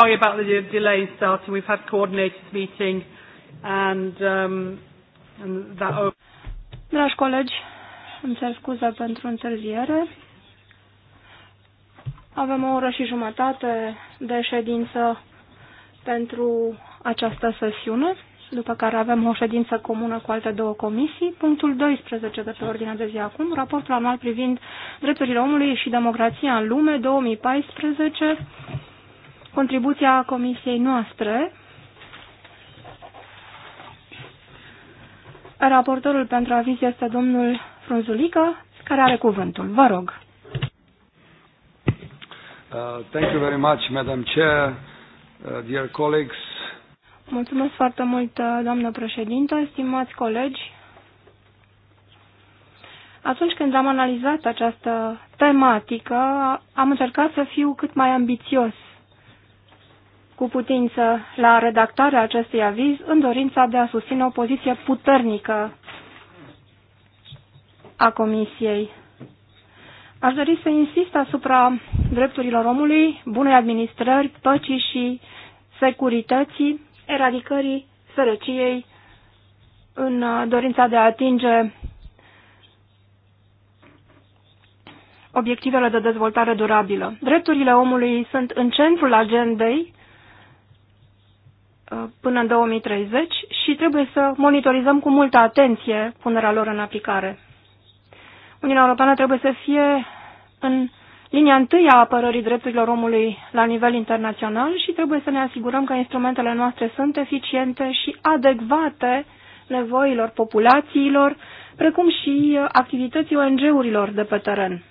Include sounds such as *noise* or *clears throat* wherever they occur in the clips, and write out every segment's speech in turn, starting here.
Sorry about the delay starting. We've had coordinated meeting and, um, and that... Dragi colegi, îmi cer scuze pentru întârziere. Avem o oră și jumătate de ședință pentru această sesiune, după care avem o ședință comună cu alte două comisii. Punctul 12 de pe ordinea de zi acum, raportul anual privind drepturile omului și democrația în lume 2014 contribuția comisiei noastre. Raportorul pentru aviz este domnul Frunzulică, care are cuvântul. Vă rog. Uh, thank you very much, Madam Chair, uh, dear colleagues. Mulțumesc foarte mult, uh, doamnă președintă, stimați colegi. Atunci când am analizat această tematică, am încercat să fiu cât mai ambițios cu putință la redactarea acestui aviz în dorința de a susține o poziție puternică a Comisiei. Aș dori să insist asupra drepturilor omului, bunei administrări, păcii și securității, eradicării sărăciei în dorința de a atinge obiectivele de dezvoltare durabilă. Drepturile omului sunt în centrul agendei Uh, până în 2030 și trebuie să monitorizăm cu multă atenție punerea lor în aplicare. Uniunea Europeană trebuie să fie în linia întâi a apărării drepturilor omului la nivel internațional și trebuie să ne asigurăm că instrumentele noastre sunt eficiente și adecvate nevoilor populațiilor, precum și uh, activității ONG-urilor de pe teren.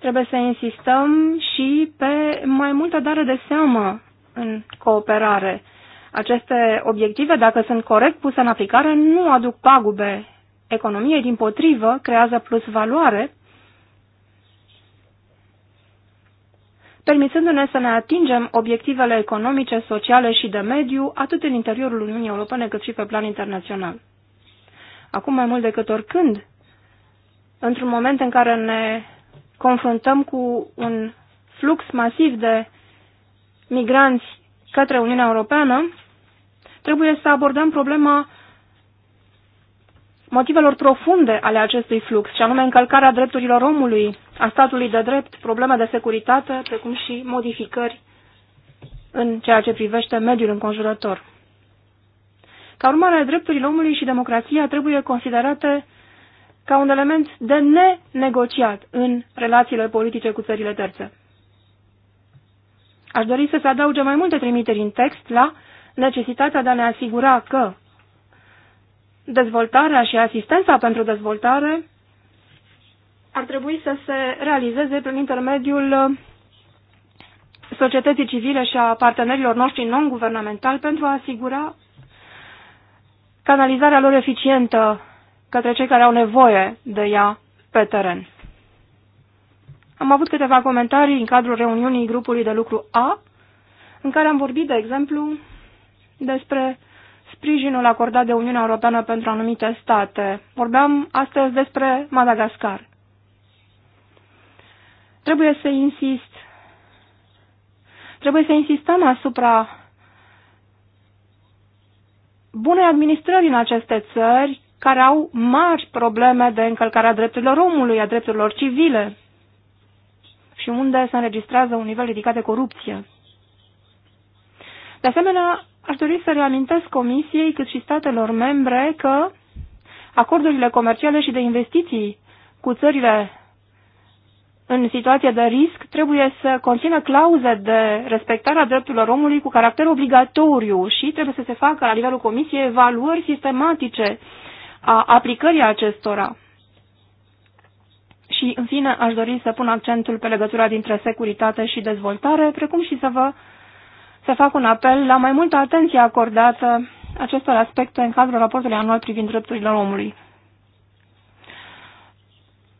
Trebuie să insistăm și pe mai multă dare de seamă în cooperare. Aceste obiective, dacă sunt corect puse în aplicare, nu aduc pagube economiei, din potrivă, creează plus valoare, permițându-ne să ne atingem obiectivele economice, sociale și de mediu, atât în interiorul Uniunii Europene cât și pe plan internațional. Acum mai mult decât oricând, într-un moment în care ne confruntăm cu un flux masiv de migranți către Uniunea Europeană, trebuie să abordăm problema motivelor profunde ale acestui flux, și anume încălcarea drepturilor omului, a statului de drept, probleme de securitate, precum și modificări în ceea ce privește mediul înconjurător. Ca urmare, drepturile omului și democrația trebuie considerate ca un element de nenegociat în relațiile politice cu țările terțe. Aș dori să se adauge mai multe trimiteri în text la necesitatea de a ne asigura că dezvoltarea și asistența pentru dezvoltare ar trebui să se realizeze prin intermediul uh, societății civile și a partenerilor noștri non-guvernamentali pentru a asigura canalizarea lor eficientă către cei care au nevoie de ea pe teren. Am avut câteva comentarii în cadrul reuniunii grupului de lucru A, în care am vorbit, de exemplu, despre sprijinul acordat de Uniunea Europeană pentru anumite state. Vorbeam astăzi despre Madagascar. Trebuie să insist. Trebuie să insistăm asupra bunei administrări în aceste țări care au mari probleme de încălcarea drepturilor omului, a drepturilor civile și unde se înregistrează un nivel ridicat de corupție. De asemenea, aș dori să reamintesc Comisiei cât și statelor membre că acordurile comerciale și de investiții cu țările în situație de risc trebuie să conțină clauze de respectarea drepturilor omului cu caracter obligatoriu și trebuie să se facă la nivelul Comisiei evaluări sistematice a aplicării acestora. Și, în fine, aș dori să pun accentul pe legătura dintre securitate și dezvoltare, precum și să vă să fac un apel la mai multă atenție acordată acestor aspecte în cadrul raportului anual privind drepturile omului.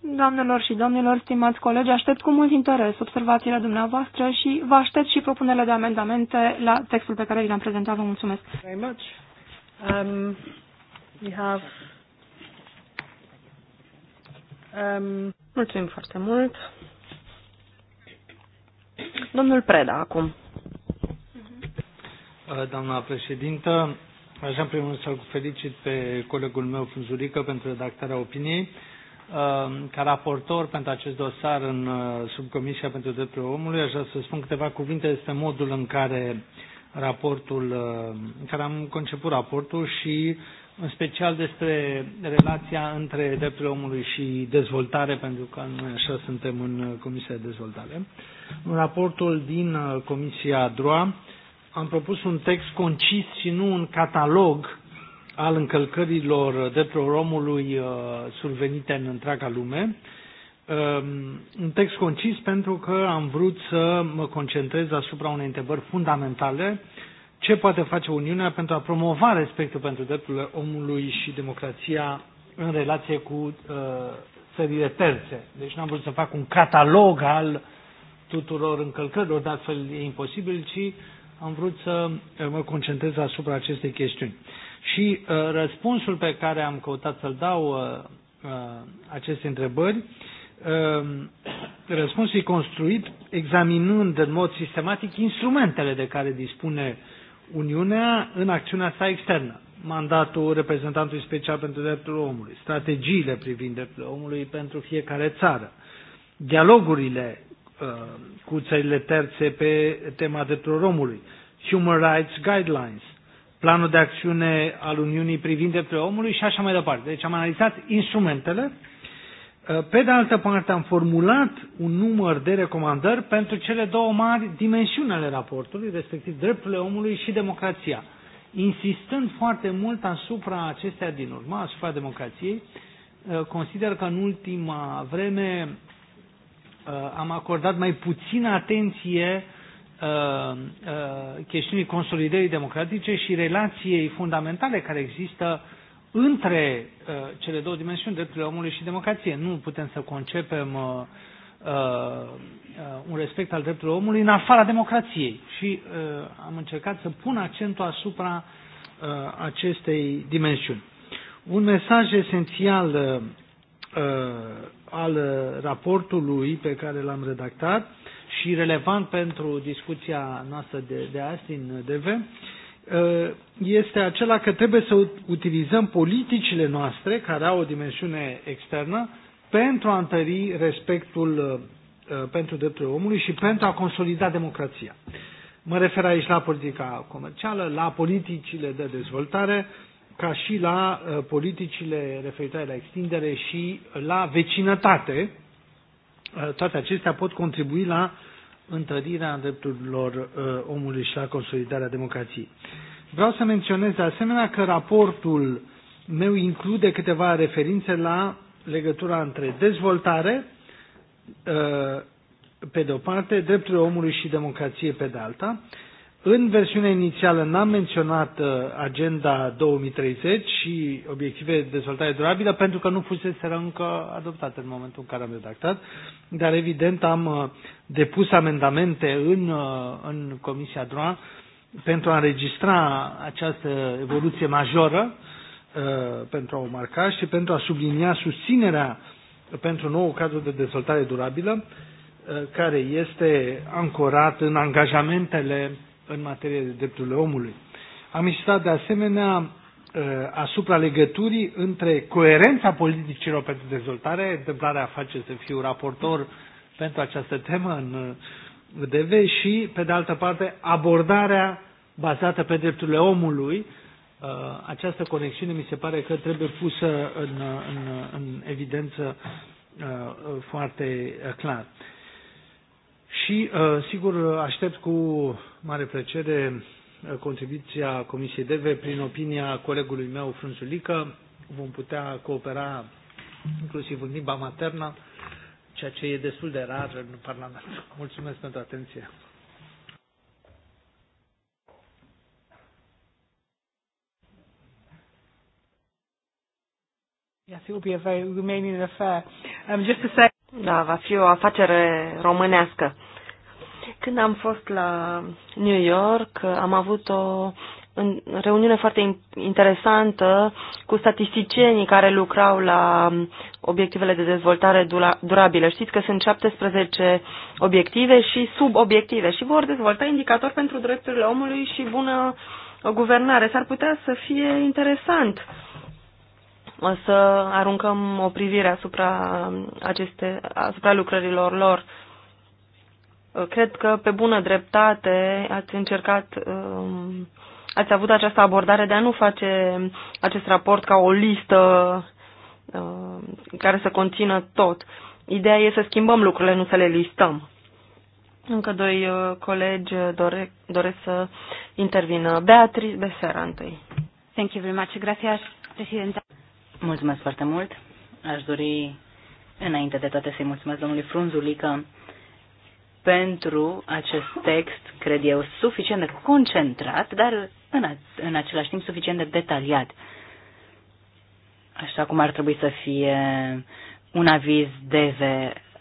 Doamnelor și domnilor, stimați colegi, aștept cu mult interes observațiile dumneavoastră și vă aștept și propunerile de amendamente la textul pe care vi l-am prezentat. Vă mulțumesc. Very much. Um, have... Um... Mulțumim foarte mult. Domnul Preda, acum. Uh, doamna președintă, aș în primul rând să-l felicit pe colegul meu, Funzurică, pentru redactarea opiniei. Ehm, ca raportor pentru acest dosar în uh, Subcomisia pentru Drepturile Omului, aș vrea să spun câteva cuvinte despre modul în care raportul, uh, în care am conceput raportul și uh, în special despre relația între drepturile omului și dezvoltare, pentru că noi așa suntem în Comisia de Dezvoltare. În raportul din uh, Comisia DROA am propus un text concis și nu un catalog al încălcărilor drepturilor omului uh, survenite în întreaga lume. Um, un text concis pentru că am vrut să mă concentrez asupra unei întrebări fundamentale ce poate face Uniunea pentru a promova respectul pentru drepturile omului și democrația în relație cu uh, țările terțe. Deci nu am vrut să fac un catalog al tuturor încălcărilor, dar altfel e imposibil, ci am vrut să uh, mă concentrez asupra acestei chestiuni. Și uh, răspunsul pe care am căutat să-l dau uh, uh, aceste întrebări, uh, răspunsul e construit examinând în mod sistematic instrumentele de care dispune uh, Uniunea în acțiunea sa externă, mandatul reprezentantului special pentru drepturile omului, strategiile privind drepturile omului pentru fiecare țară, dialogurile uh, cu țările terțe pe tema drepturilor omului, Human Rights Guidelines, planul de acțiune al Uniunii privind drepturile omului și așa mai departe. Deci am analizat instrumentele Ă, pe de altă parte, am formulat un număr de recomandări pentru cele două mari dimensiuni ale raportului, respectiv drepturile omului și democrația, insistând foarte mult asupra acestea din urmă, asupra democrației. Ă, consider că în ultima vreme ă, am acordat mai puțină atenție chestiunii consolidării democratice și relației fundamentale care există uh, între uh, cele două dimensiuni, drepturile omului și democrație. Nu putem să concepem uh, uh, un respect al drepturilor omului în afara democrației. Și uh, am încercat să pun accentul asupra uh, acestei dimensiuni. Un mesaj esențial uh, uh al raportului pe care l-am redactat și relevant pentru discuția noastră de, de azi din DV Uh, este acela că trebuie să utilizăm politicile noastre, care au o dimensiune externă, pentru a întări respectul uh, uh, pentru drepturile omului și pentru a consolida democrația. Mă refer aici la politica comercială, la politicile de dezvoltare, ca și la politicile referitoare la extindere și la vecinătate. Toate acestea pot contribui la uh, întărirea drepturilor uh, omului și la consolidarea democrației. Vreau să menționez de asemenea că raportul meu include câteva referințe la legătura între dezvoltare, uh, pe de o parte, drepturile omului și democrație pe de alta, în versiunea inițială n-am menționat uh, agenda 2030 și obiective de dezvoltare durabilă pentru că nu fusese încă adoptate în momentul în care am redactat, dar evident am uh, depus amendamente în, uh, în Comisia DROA pentru a înregistra această evoluție majoră, pentru a o marca și pentru a sublinia susținerea pentru nou cadru de dezvoltare durabilă, care este ancorat în angajamentele în materie de drepturile omului. Am insistat de asemenea ă, asupra legăturii între coerența politicilor pentru dezvoltare, întâmplarea face să fiu raportor pentru această temă în ă, DV și, pe de altă parte, abordarea bazată pe drepturile omului. Ă, această conexiune mi se pare că trebuie pusă în, în, în evidență foarte clar. Și, sigur, aștept cu mare plăcere uh, contribuția Comisiei DEVE prin opinia colegului meu, Frunzulică. Vom putea coopera inclusiv în limba maternă, ceea ce e destul de rar în Parlament. Mulțumesc pentru atenție. Yes, it will be a very Romanian affair. Um, just to say... Da, va fi o afacere românească. Când am fost la New York, am avut o reuniune foarte interesantă cu statisticienii care lucrau la obiectivele de dezvoltare durabilă. Știți că sunt 17 obiective și subobiective și vor dezvolta indicatori pentru drepturile omului și bună guvernare. S-ar putea să fie interesant o uh, să aruncăm o privire asupra, aceste, asupra lucrărilor lor. Uh, cred că pe bună dreptate ați încercat, um, ați avut această abordare de a nu face acest raport ca o listă um, care să conțină tot. Ideea e să schimbăm lucrurile, nu să le listăm. Încă doi uh, colegi uh, dore, doresc să intervină. Beatrice Besera întâi. Thank you very much. Gracias, președinte. Mulțumesc foarte mult. Aș dori, înainte de toate, să-i mulțumesc domnului Frunzulică pentru acest text, cred eu, suficient de concentrat, dar în, a, în același timp suficient de detaliat. Așa cum ar trebui să fie un aviz DV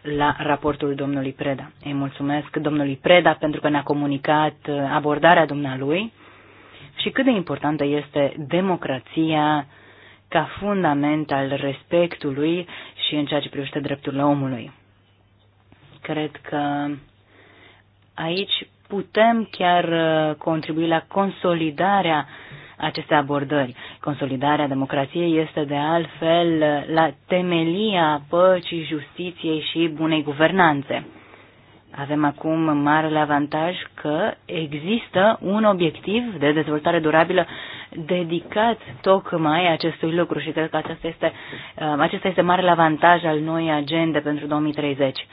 la raportul domnului Preda. Îi mulțumesc domnului Preda pentru că ne-a comunicat abordarea dumnealui și cât de importantă este democrația ca fundament al respectului și în ceea ce privește drepturile omului. Cred că aici putem chiar uh, contribui la consolidarea acestei abordări. Consolidarea democrației este de altfel uh, la temelia păcii, justiției și bunei guvernanțe. Avem acum marele avantaj că există un obiectiv de dezvoltare durabilă dedicat tocmai acestui lucru și cred că acesta este, uh, acesta este marele avantaj al noi agende pentru 2030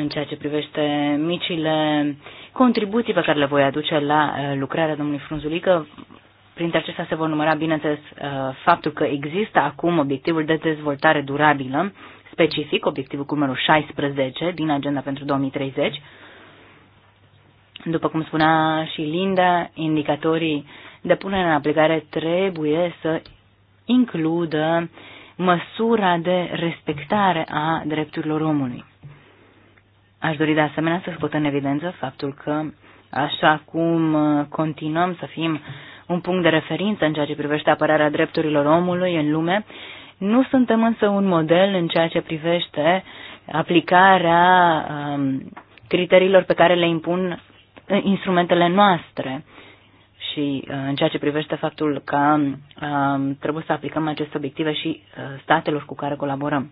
în ceea ce privește micile contribuții pe care le voi aduce la uh, lucrarea domnului Frunzulică. Printre acestea se vor număra, bineînțeles, uh, faptul că există acum obiectivul de dezvoltare durabilă, specific, obiectivul cu numărul 16 din Agenda pentru 2030. După cum spunea și Linda, indicatorii de punere în aplicare trebuie să includă măsura de respectare a drepturilor omului. Aș dori de asemenea să scot în evidență faptul că, așa cum uh, continuăm să fim un punct de referință în ceea ce privește apărarea drepturilor omului în lume, nu suntem însă un model în ceea ce privește aplicarea um, criteriilor pe care le impun uh, instrumentele noastre și uh, în ceea ce privește faptul că um, trebuie să aplicăm aceste obiective și uh, statelor cu care colaborăm.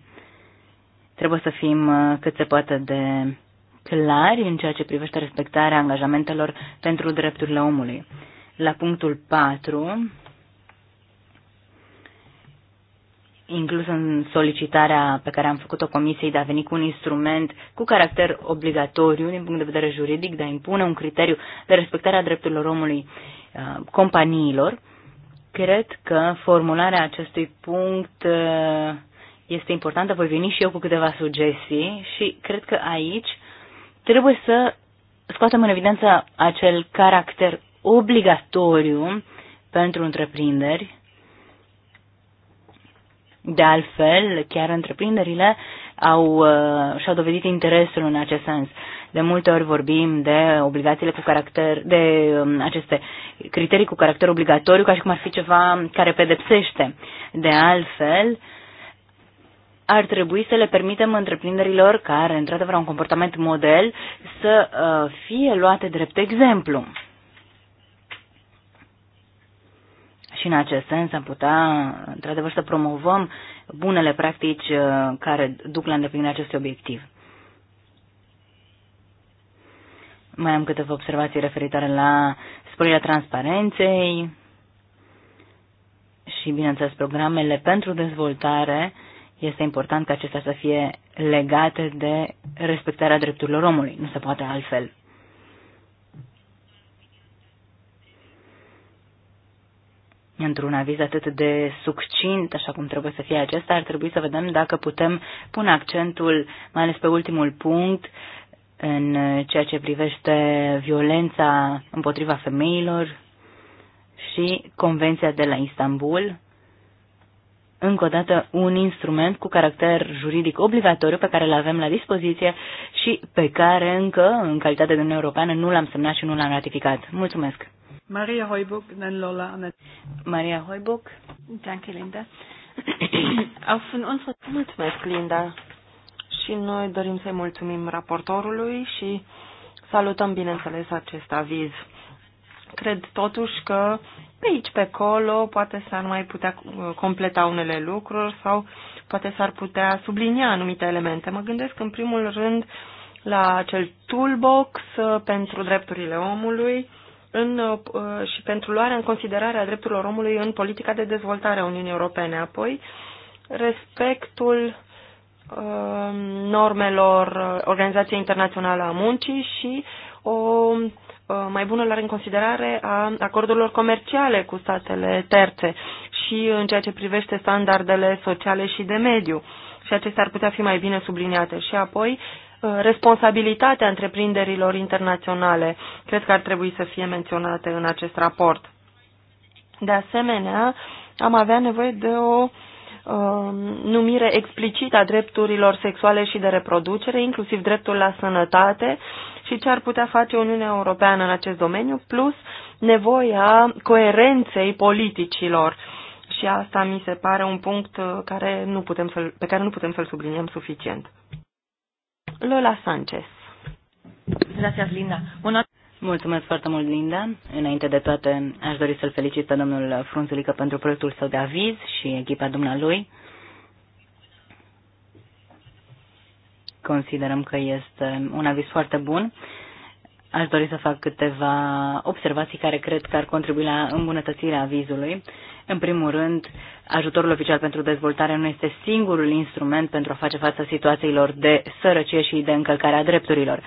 Trebuie să fim uh, cât se poate de clari în ceea ce privește respectarea angajamentelor pentru drepturile omului. La punctul 4, inclus în solicitarea pe care am făcut-o comisiei de a veni cu un instrument cu caracter obligatoriu din punct de vedere juridic, de a impune un criteriu de respectare a drepturilor omului uh, companiilor, cred că formularea acestui punct uh, este importantă. Voi veni și eu cu câteva sugestii și cred că aici trebuie să scoatem în evidență acel caracter obligatoriu pentru întreprinderi. De altfel, chiar întreprinderile au, uh, și-au dovedit interesul în acest sens. De multe ori vorbim de obligațiile cu caracter, de um, aceste criterii cu caracter obligatoriu, ca și cum ar fi ceva care pedepsește. De altfel, ar trebui să le permitem întreprinderilor care, într-adevăr, au un comportament model să uh, fie luate drept exemplu. Și în acest sens am putea, într-adevăr, să promovăm bunele practici uh, care duc la îndeplinirea acestui obiectiv. Mai am câteva observații referitoare la sporirea transparenței și, bineînțeles, programele pentru dezvoltare uh, este important ca acestea să fie legate de respectarea drepturilor omului. Nu se poate altfel. într-un aviz atât de succint, așa cum trebuie să fie acesta, ar trebui să vedem dacă putem pune accentul, mai ales pe ultimul punct, în ceea ce privește violența împotriva femeilor și Convenția de la Istanbul, încă o dată, un instrument cu caracter juridic obligatoriu pe care îl avem la dispoziție și pe care încă, în calitate de Uniune Europeană, nu l-am semnat și nu l-am ratificat. Mulțumesc! Maria Hoibuc, dann Lola Maria Hoibuc. Danke, Linda. *clears throat* Auf unsere... Mulțumesc, Linda. Și noi dorim să-i mulțumim raportorului și salutăm, bineînțeles, acest aviz. Cred totuși că pe aici, pe acolo, poate s-ar mai putea uh, completa unele lucruri sau poate s-ar putea sublinia anumite elemente. Mă gândesc în primul rând la acel toolbox uh, pentru drepturile omului în, uh, și pentru luarea în considerare a drepturilor omului în politica de dezvoltare a Uniunii Europene. Apoi, respectul normelor Organizației Internaționale a Muncii și o Uh, mai bună luare în considerare a acordurilor comerciale cu statele terțe și în ceea ce privește standardele sociale și de mediu. Și acestea ar putea fi mai bine subliniate. Și apoi, uh, responsabilitatea întreprinderilor internaționale cred că ar trebui să fie menționate în acest raport. De asemenea, am avea nevoie de o um, numire explicită a drepturilor sexuale și de reproducere, inclusiv dreptul la sănătate și ce ar putea face Uniunea Europeană în acest domeniu, plus nevoia coerenței politicilor. Și asta mi se pare un punct uh, care nu putem să pe care nu putem să-l subliniem suficient. Lola Sanchez. Gracias, Linda. Bună... Mulțumesc foarte mult, Linda. Înainte de toate, aș dori să-l felicit pe domnul Frunzulică pentru proiectul său de aviz și echipa dumnealui. considerăm că este un aviz foarte bun. Aș dori să fac câteva observații care cred că ar contribui la îmbunătățirea avizului. În primul rând, ajutorul oficial pentru dezvoltare nu este singurul instrument pentru a face față situațiilor de sărăcie și de încălcare a drepturilor.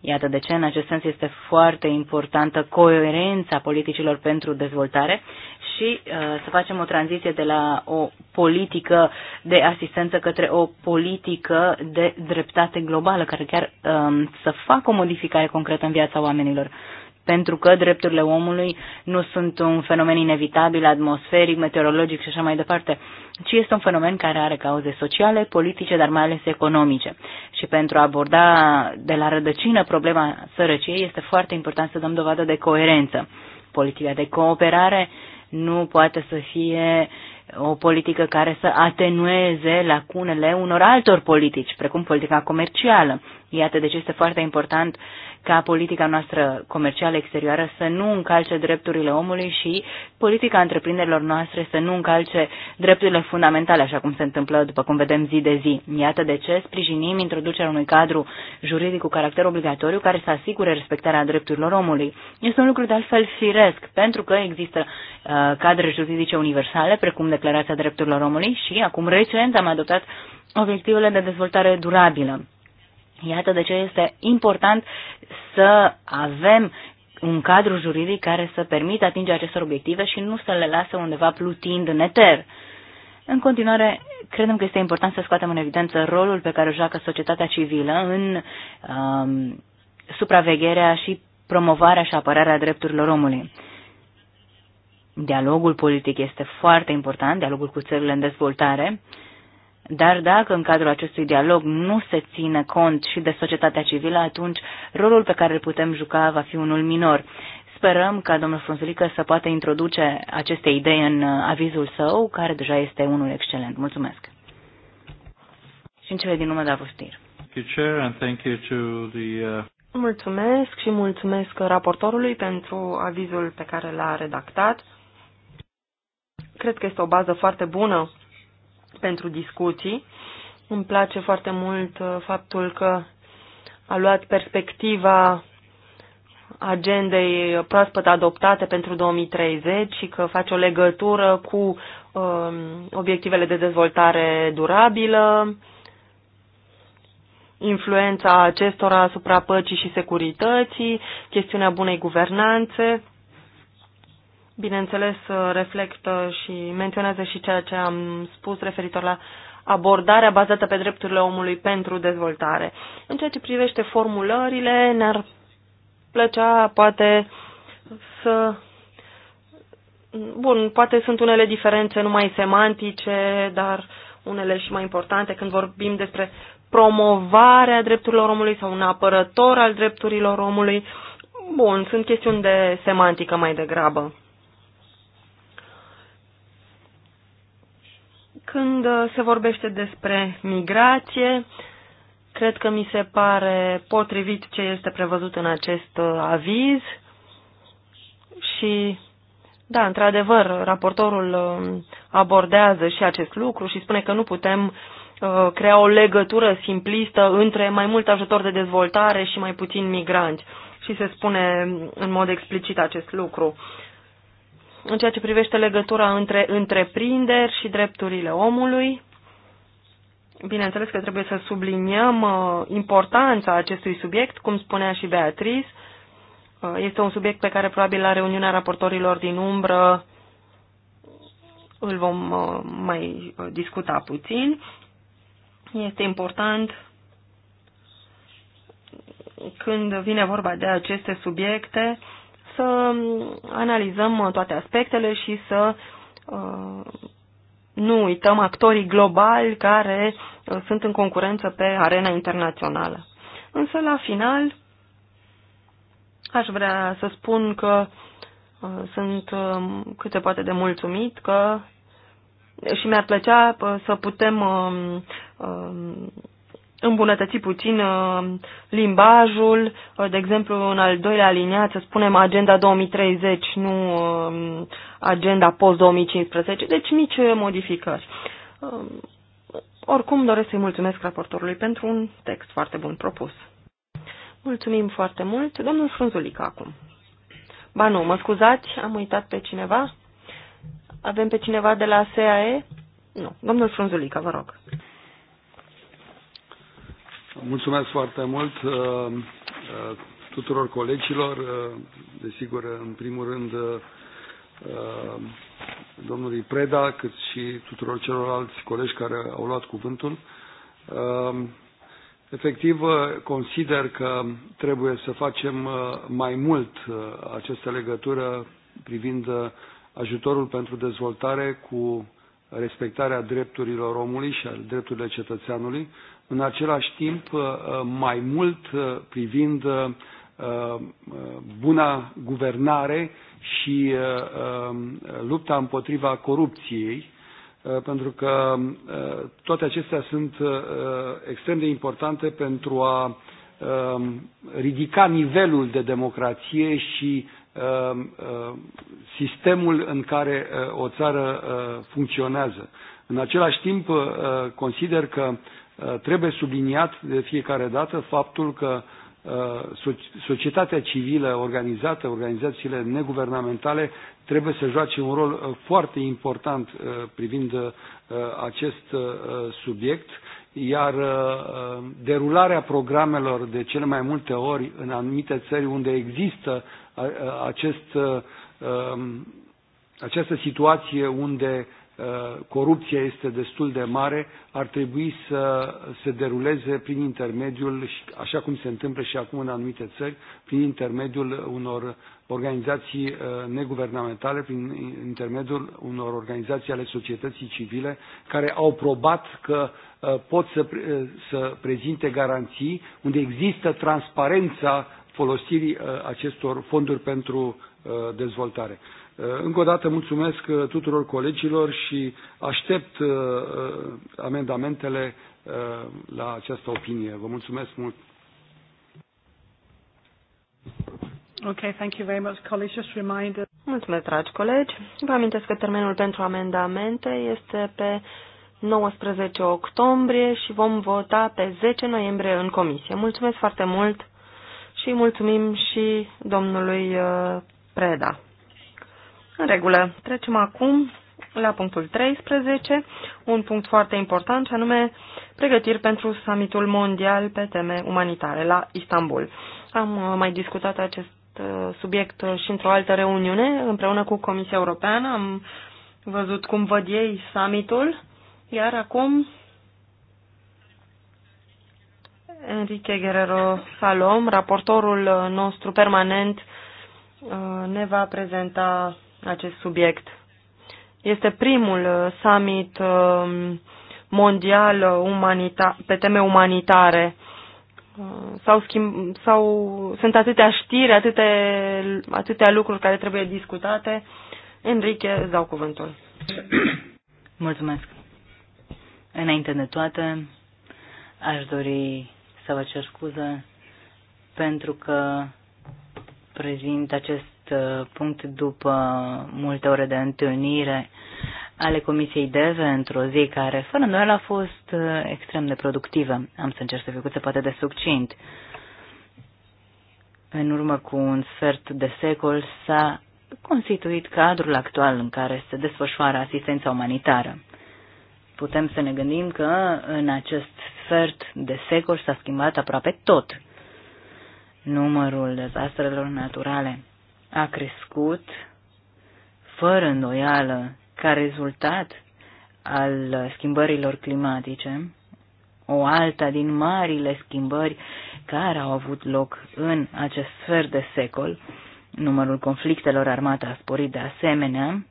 Iată de ce, în acest sens, este foarte importantă coerența politicilor pentru dezvoltare și uh, să facem o tranziție de la o politică de asistență către o politică de dreptate globală, care chiar um, să facă o modificare concretă în viața oamenilor pentru că drepturile omului nu sunt un fenomen inevitabil, atmosferic, meteorologic și așa mai departe, ci este un fenomen care are cauze sociale, politice, dar mai ales economice. Și pentru a aborda de la rădăcină problema sărăciei, este foarte important să dăm dovadă de coerență. Politica de cooperare nu poate să fie o politică care să atenueze lacunele unor altor politici, precum politica comercială. Iată de ce este foarte important ca politica noastră comercială exterioară să nu încalce drepturile omului și politica întreprinderilor noastre să nu încalce drepturile fundamentale, așa cum se întâmplă, după cum vedem, zi de zi. Iată de ce sprijinim introducerea unui cadru juridic cu caracter obligatoriu care să asigure respectarea drepturilor omului. Este un lucru de altfel firesc, pentru că există uh, cadre juridice universale, precum Declarația Drepturilor Omului și acum recent am adoptat obiectivele de dezvoltare durabilă. Iată de ce este important să avem un cadru juridic care să permită atingerea acestor obiective și nu să le lasă undeva plutind în eter. În continuare, credem că este important să scoatem în evidență rolul pe care o joacă societatea civilă în um, supravegherea și promovarea și apărarea drepturilor omului. Dialogul politic este foarte important, dialogul cu țările în dezvoltare. Uh, dar dacă în cadrul acestui dialog nu se ține cont și de societatea civilă, atunci rolul pe care îl putem juca va fi unul minor. Sperăm ca domnul Frunzulică să poată introduce aceste idei în uh, avizul său, care deja este unul excelent. Mulțumesc! Și în cele din urmă, Davostir. Uh, mulțumesc și mulțumesc raportorului pentru avizul pe care l-a redactat. Cred că este o bază foarte bună pentru discuții. Îmi place foarte mult uh, faptul că a luat perspectiva agendei proaspăt adoptate pentru 2030 și că face o legătură cu um, obiectivele de dezvoltare durabilă, influența acestora asupra păcii și securității, chestiunea bunei guvernanțe bineînțeles, reflectă și menționează și ceea ce am spus referitor la abordarea bazată pe drepturile omului pentru dezvoltare. În ceea ce privește formulările, ne-ar plăcea poate să... Bun, poate sunt unele diferențe numai semantice, dar unele și mai importante când vorbim despre promovarea drepturilor omului sau un apărător al drepturilor omului. Bun, sunt chestiuni de semantică mai degrabă. Când uh, se vorbește despre migrație, cred că mi se pare potrivit ce este prevăzut în acest uh, aviz și, da, într-adevăr, raportorul um, abordează și acest lucru și spune că nu putem uh, crea o legătură simplistă între mai mult ajutor de dezvoltare și mai puțin migranți. Și se spune în mod explicit acest lucru în ceea ce privește legătura între întreprinderi și drepturile omului. Bineînțeles că trebuie să subliniem uh, importanța acestui subiect, cum spunea și Beatriz. Uh, este un subiect pe care probabil la reuniunea raportorilor din umbră îl vom uh, mai discuta puțin. Este important când vine vorba de aceste subiecte să analizăm uh, toate aspectele și să uh, nu uităm actorii globali care uh, sunt în concurență pe arena internațională. Însă, la final, aș vrea să spun că sunt um, cât se poate de mulțumit că și mi-ar plăcea să putem um, um, îmbunătăți puțin uh, limbajul, uh, de exemplu în al doilea aliniat să spunem agenda 2030, nu um, agenda post-2015, deci mici modificări. Um, oricum doresc să-i mulțumesc raportorului pentru un text foarte bun propus. Mulțumim foarte mult. Domnul Frunzulică acum. Ba nu, mă scuzați, am uitat pe cineva. Avem pe cineva de la SAE? Nu. Domnul Frunzulică, vă rog. Mulțumesc foarte mult uh, uh, tuturor colegilor, uh, desigur, în primul rând domnului Preda, cât și tuturor celorlalți colegi care au luat cuvântul. Efectiv, consider că trebuie să facem mai mult această legătură privind ajutorul pentru dezvoltare cu respectarea drepturilor omului și a drepturilor cetățeanului, în același timp uh, mai mult uh, privind uh, buna guvernare și um, lupta împotriva corupției, pentru că toate acestea sunt extrem de importante pentru a um, ridica nivelul de democrație și um, sistemul în care o țară funcționează. În același timp, consider că Uh, trebuie subliniat de fiecare dată faptul că uh, societatea civilă organizată, organizațiile neguvernamentale trebuie să joace un rol uh, foarte important privind acest subiect, iar derularea programelor de cele mai multe ori în anumite țări unde există acest, um, această situație unde Uh, corupția este destul de mare, ar trebui să se deruleze prin intermediul, așa cum se întâmplă și acum în anumite țări, prin intermediul unor organizații uh, neguvernamentale, prin intermediul unor organizații ale societății civile, care au probat că uh, pot să, să prezinte garanții unde există transparența folosirii acestor fonduri pentru dezvoltare. Eh, încă o dată mulțumesc eh, tuturor colegilor și aștept eh, amendamentele la această opinie. Vă mulțumesc mult! Okay, thank you very much, colleagues. Just reminder. Mulțumesc, dragi colegi. Vă amintesc că termenul pentru amendamente este pe 19 octombrie și vom vota pe 10 noiembrie în comisie. Mulțumesc foarte mult și mulțumim și domnului Preda. În regulă, trecem acum la punctul 13, un punct foarte important, și anume pregătiri pentru summitul mondial pe teme umanitare la Istanbul. Am uh, mai discutat acest uh, subiect și într-o altă reuniune împreună cu Comisia Europeană. Am văzut cum văd ei summitul, iar acum Enrique Guerrero Salom, raportorul nostru permanent, uh, ne va prezenta acest subiect. Este primul uh, summit um, mondial uh, pe teme umanitare. Uh, sau schimb, sau sunt atâtea știri, atâtea, atâtea lucruri care trebuie discutate. Enrique, îți dau cuvântul. *clears throat* Mulțumesc. Înainte de toate, aș dori să vă cer scuze pentru că prezint acest Uh, punct după multe ore de întâlnire ale Comisiei DEVE într-o zi care, fără noi, a fost uh, extrem de productivă. Am să încerc să fiu cât se poate de succint. În urmă cu un sfert de secol s-a constituit cadrul actual în care se desfășoară asistența umanitară. Putem să ne gândim că în acest sfert de secol s-a schimbat aproape tot numărul dezastrelor naturale, a crescut fără îndoială ca rezultat al schimbărilor climatice, o alta din marile schimbări care au avut loc în acest sfert de secol, numărul conflictelor armate a sporit de asemenea,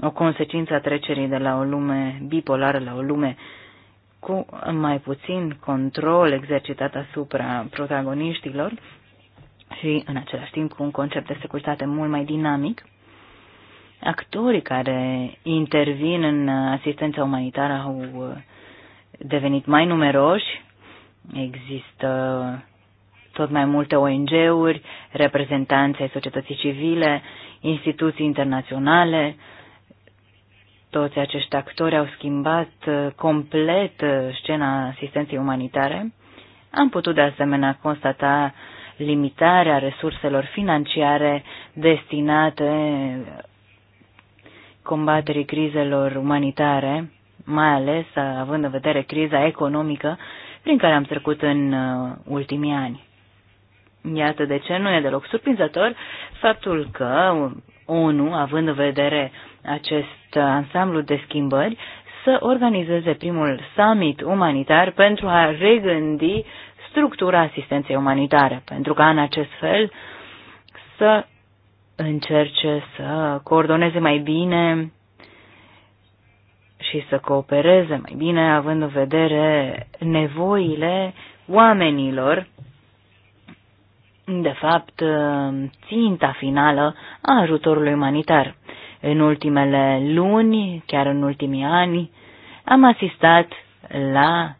o consecință a trecerii de la o lume bipolară la o lume cu mai puțin control exercitat asupra protagoniștilor, și în același timp cu un concept de securitate mult mai dinamic. Actorii care intervin în asistența umanitară au uh, devenit mai numeroși, există tot mai multe ONG-uri, reprezentanțe ai societății civile, instituții internaționale. Toți acești actori au schimbat uh, complet uh, scena asistenței umanitare. Am putut de asemenea constata limitarea resurselor financiare destinate combaterii crizelor umanitare, mai ales având în vedere criza economică prin care am trecut în uh, ultimii ani. Iată de ce nu e deloc surprinzător faptul că ONU, având în vedere acest ansamblu de schimbări, să organizeze primul summit umanitar pentru a regândi structura asistenței umanitare, pentru ca în acest fel să încerce să coordoneze mai bine și să coopereze mai bine, având în vedere nevoile oamenilor, de fapt, ținta finală a ajutorului umanitar. În ultimele luni, chiar în ultimii ani, am asistat la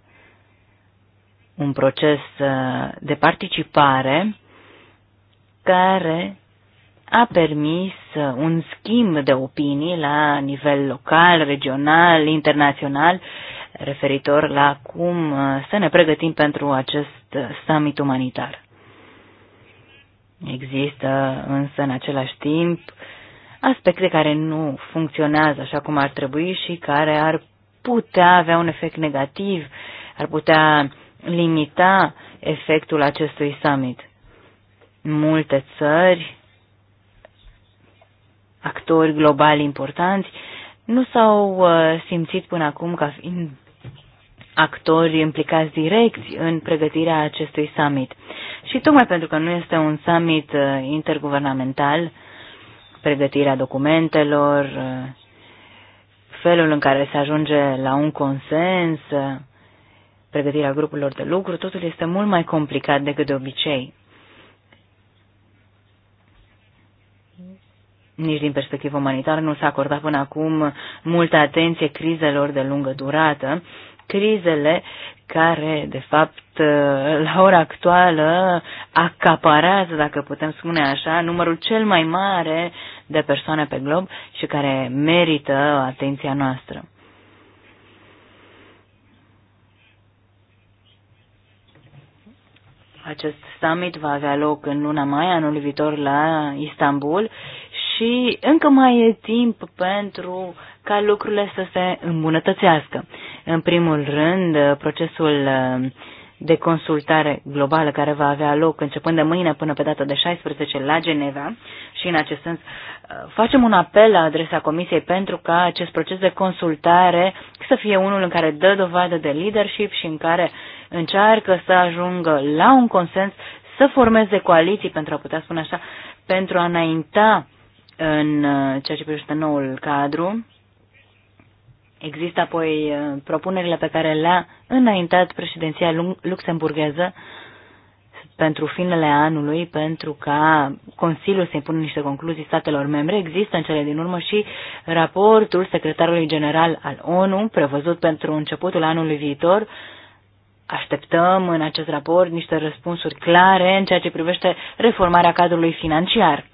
un proces uh, de participare care a permis uh, un schimb de opinii la nivel local, regional, internațional, referitor la cum uh, să ne pregătim pentru acest summit umanitar. Există însă în același timp aspecte care nu funcționează așa cum ar trebui și care ar putea avea un efect negativ, ar putea limita efectul acestui summit. Multe țări, actori globali importanți, nu s-au uh, simțit până acum ca fiind actori implicați direct în pregătirea acestui summit. Și tocmai pentru că nu este un summit uh, interguvernamental, pregătirea documentelor, uh, felul în care se ajunge la un consens, pregătirea grupurilor de lucru, totul este mult mai complicat decât de obicei. Nici din perspectivă umanitară nu s-a acordat până acum multă atenție crizelor de lungă durată, crizele care, de fapt, *laughs* la ora actuală acaparează, dacă putem spune așa, numărul cel mai mare de persoane pe glob și care merită atenția noastră. Acest summit va avea loc în luna mai anul viitor la Istanbul și încă mai e timp pentru ca lucrurile să se îmbunătățească. În primul rând, procesul uh, de consultare globală care va avea loc începând de mâine până pe data de 16 la Geneva și în acest sens uh, facem un apel la adresa Comisiei pentru ca acest proces de consultare să fie unul în care dă dovadă de leadership și în care încearcă să ajungă la un consens, să formeze coaliții, pentru a putea spune așa, pentru a înainta în uh, ceea ce privește noul cadru. Există apoi uh, propunerile pe care le-a înaintat președinția luxemburgheză pentru finele anului, pentru ca Consiliul să impună niște concluzii statelor membre. Există în cele din urmă și raportul secretarului general al ONU, prevăzut pentru începutul anului viitor, Așteptăm în acest raport niște răspunsuri clare în ceea ce privește reformarea cadrului financiar.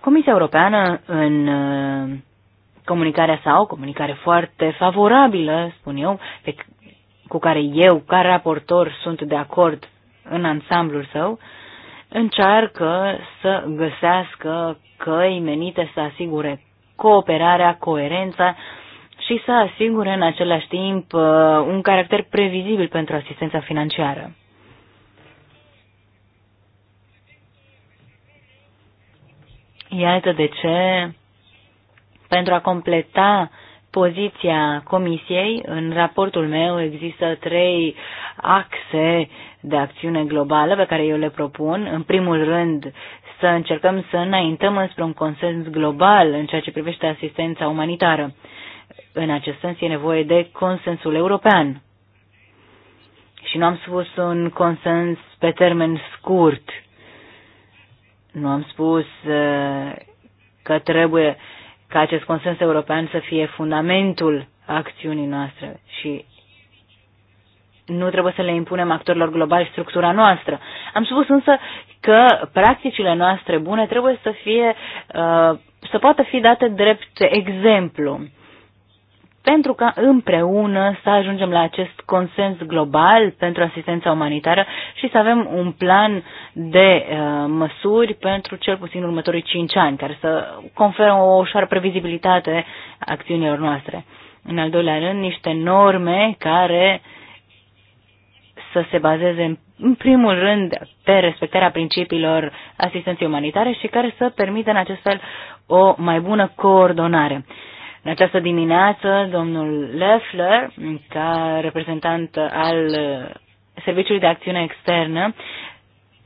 Comisia Europeană, în uh, comunicarea sa, o comunicare foarte favorabilă, spun eu, pe, cu care eu, ca raportor, sunt de acord în ansamblul său, încearcă să găsească căi menite să asigure cooperarea, coerența și să asigure în același timp uh, un caracter previzibil pentru asistența financiară. Iată de ce, pentru a completa poziția Comisiei, în raportul meu există trei axe de acțiune globală pe care eu le propun. În primul rând, să încercăm să înaintăm înspre un consens global în ceea ce privește asistența umanitară. În acest sens e nevoie de consensul european. Și nu am spus un consens pe termen scurt. Nu am spus uh, că trebuie ca acest consens european să fie fundamentul acțiunii noastre și nu trebuie să le impunem actorilor globali structura noastră. Am spus însă că practicile noastre bune trebuie să fie, uh, să poată fi date drept exemplu pentru ca împreună să ajungem la acest consens global pentru asistența umanitară și să avem un plan de uh, măsuri pentru cel puțin următorii 5 ani, care să conferă o ușoară previzibilitate acțiunilor noastre. În al doilea rând, niște norme care să se bazeze în primul rând pe respectarea principiilor asistenței umanitare și care să permită în acest fel o mai bună coordonare. Uh, în această dimineață, domnul Leffler, ca reprezentant al uh, Serviciului de Acțiune Externă,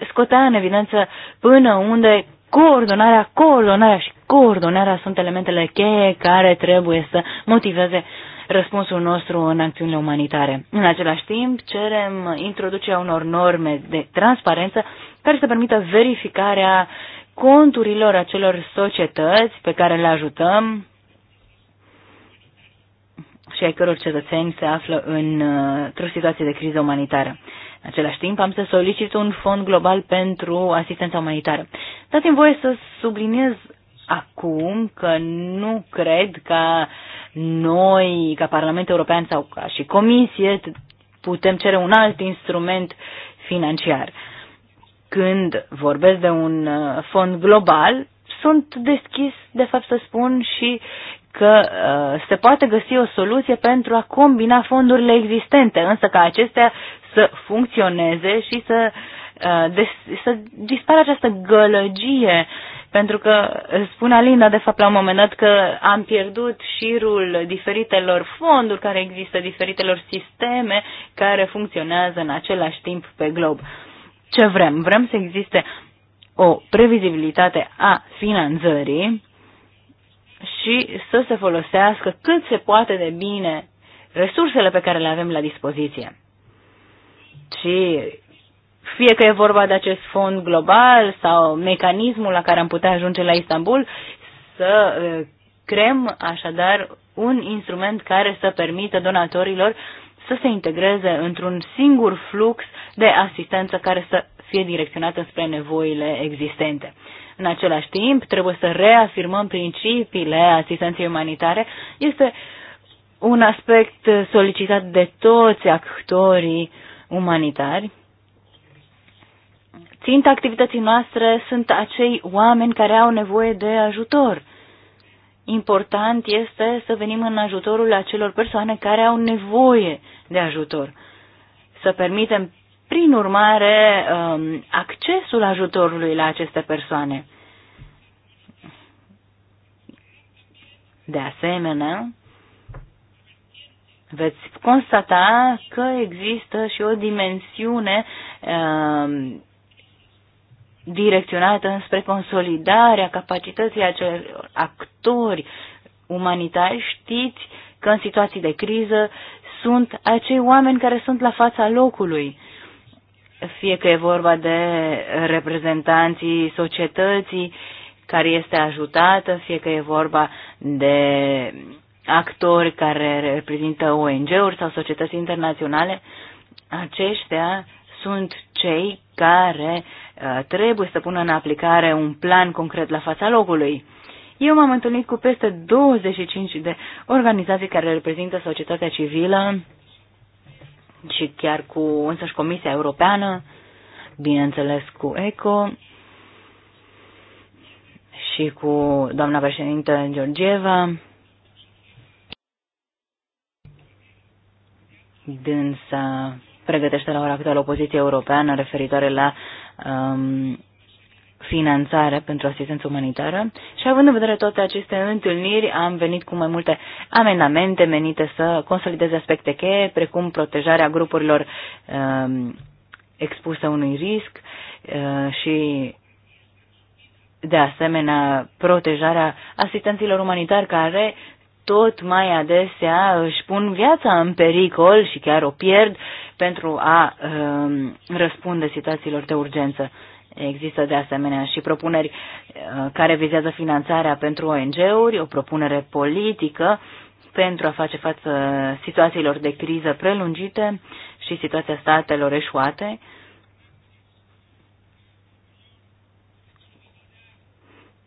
scotea în evidență până unde coordonarea, coordonarea și coordonarea sunt elementele cheie care trebuie să motiveze răspunsul nostru în acțiunile umanitare. În același timp, cerem introducerea unor norme de transparență care să permită verificarea conturilor acelor societăți pe care le ajutăm, și ai căror cetățeni se află uh, într-o situație de criză umanitară. În același timp, am să solicit un fond global pentru asistența umanitară. Dați-mi voie să subliniez acum că nu cred că noi, ca Parlament European sau ca și Comisie, putem cere un alt instrument financiar. Când vorbesc de un uh, fond global, sunt deschis, de fapt, să spun și că uh, se poate găsi o soluție pentru a combina fondurile existente, însă ca acestea să funcționeze și să, uh, de, să dispară această gălăgie. Pentru că spune Alina, de fapt, la un moment dat că am pierdut șirul diferitelor fonduri care există, diferitelor sisteme care funcționează în același timp pe glob. Ce vrem? Vrem să existe o previzibilitate a finanțării, și să se folosească cât se poate de bine resursele pe care le avem la dispoziție. Și fie că e vorba de acest fond global sau mecanismul la care am putea ajunge la Istanbul, să creăm așadar un instrument care să permită donatorilor să se integreze într-un singur flux de asistență care să fie direcționată spre nevoile existente. În același timp, trebuie să reafirmăm principiile asistenței umanitare. Este un aspect solicitat de toți actorii umanitari. Ținta activității noastre sunt acei oameni care au nevoie de ajutor. Important este să venim în ajutorul acelor persoane care au nevoie de ajutor. Să permitem prin urmare, um, accesul ajutorului la aceste persoane. De asemenea, veți constata că există și o dimensiune um, direcționată înspre consolidarea capacității acelor actori umanitari. Știți că în situații de criză sunt acei oameni care sunt la fața locului fie că e vorba de reprezentanții societății care este ajutată, fie că e vorba de actori care reprezintă ONG-uri sau societăți internaționale, aceștia sunt cei care uh, trebuie să pună în aplicare un plan concret la fața locului. Eu m-am întâlnit cu peste 25 de organizații care reprezintă societatea civilă, și chiar cu însăși Comisia Europeană, bineînțeles cu ECO și cu doamna președintă Georgieva. Dânsa pregătește la ora actuală o poziție europeană referitoare la um, finanțare pentru asistență umanitară și având în vedere toate aceste întâlniri, am venit cu mai multe amendamente menite să consolideze aspecte cheie, precum protejarea grupurilor um, expuse unui risc uh, și de asemenea protejarea asistenților umanitari care tot mai adesea își pun viața în pericol și chiar o pierd pentru a um, răspunde situațiilor de urgență. Există de asemenea și propuneri uh, care vizează finanțarea pentru ONG-uri, o propunere politică pentru a face față situațiilor de criză prelungite și situația statelor eșuate.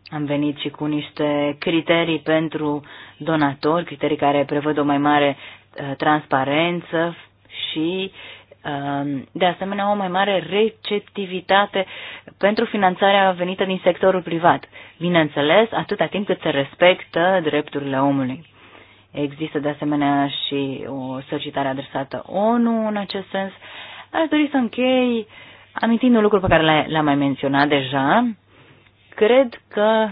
Am venit și cu niște criterii pentru donatori, criterii care prevăd o mai mare uh, transparență și Um, de asemenea o mai mare receptivitate pentru finanțarea venită din sectorul privat. Bineînțeles, atâta timp cât se respectă drepturile omului. Există de asemenea și o solicitare adresată ONU în acest sens. Aș dori să închei amintind un lucru pe care l-am mai menționat deja. Cred că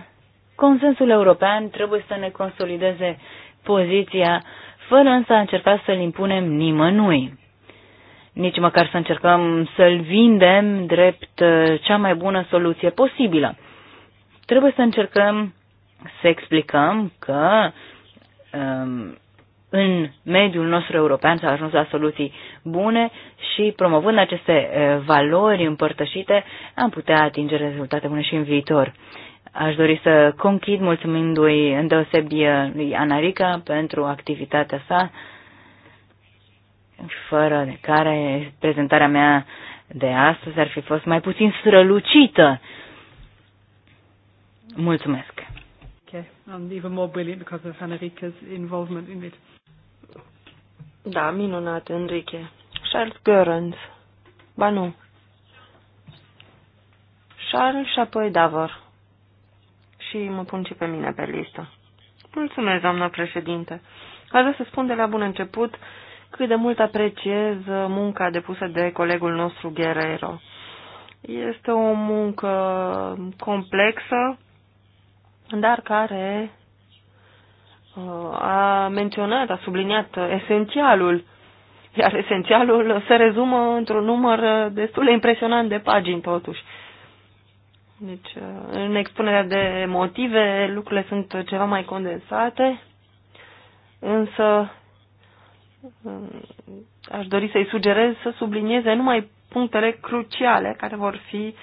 consensul european trebuie să ne consolideze poziția fără însă a încerca să-l impunem nimănui nici măcar să încercăm să-l vindem drept uh, cea mai bună soluție posibilă. Trebuie să încercăm să explicăm că um, în mediul nostru european s-a ajuns la soluții bune și promovând aceste uh, valori împărtășite am putea atinge rezultate bune și în viitor. Aș dori să conchid mulțumindu-i îndeosebi lui Anarica pentru activitatea sa fără de care prezentarea mea de astăzi ar fi fost mai puțin strălucită. Mulțumesc! Da, minunat, Enrique. Charles Görens. Ba nu. Charles și apoi Davor. Și mă pun și pe mine pe listă. Mulțumesc, doamnă președinte. Aș să spun de la bun început cât de mult apreciez munca depusă de colegul nostru Guerrero. Este o muncă complexă, dar care uh, a menționat, a subliniat esențialul, iar esențialul se rezumă într-un număr destul de impresionant de pagini, totuși. Deci, uh, în expunerea de motive, lucrurile sunt ceva mai condensate, însă Mm, aș dori să-i sugerez să sublinieze numai punctele cruciale care vor fi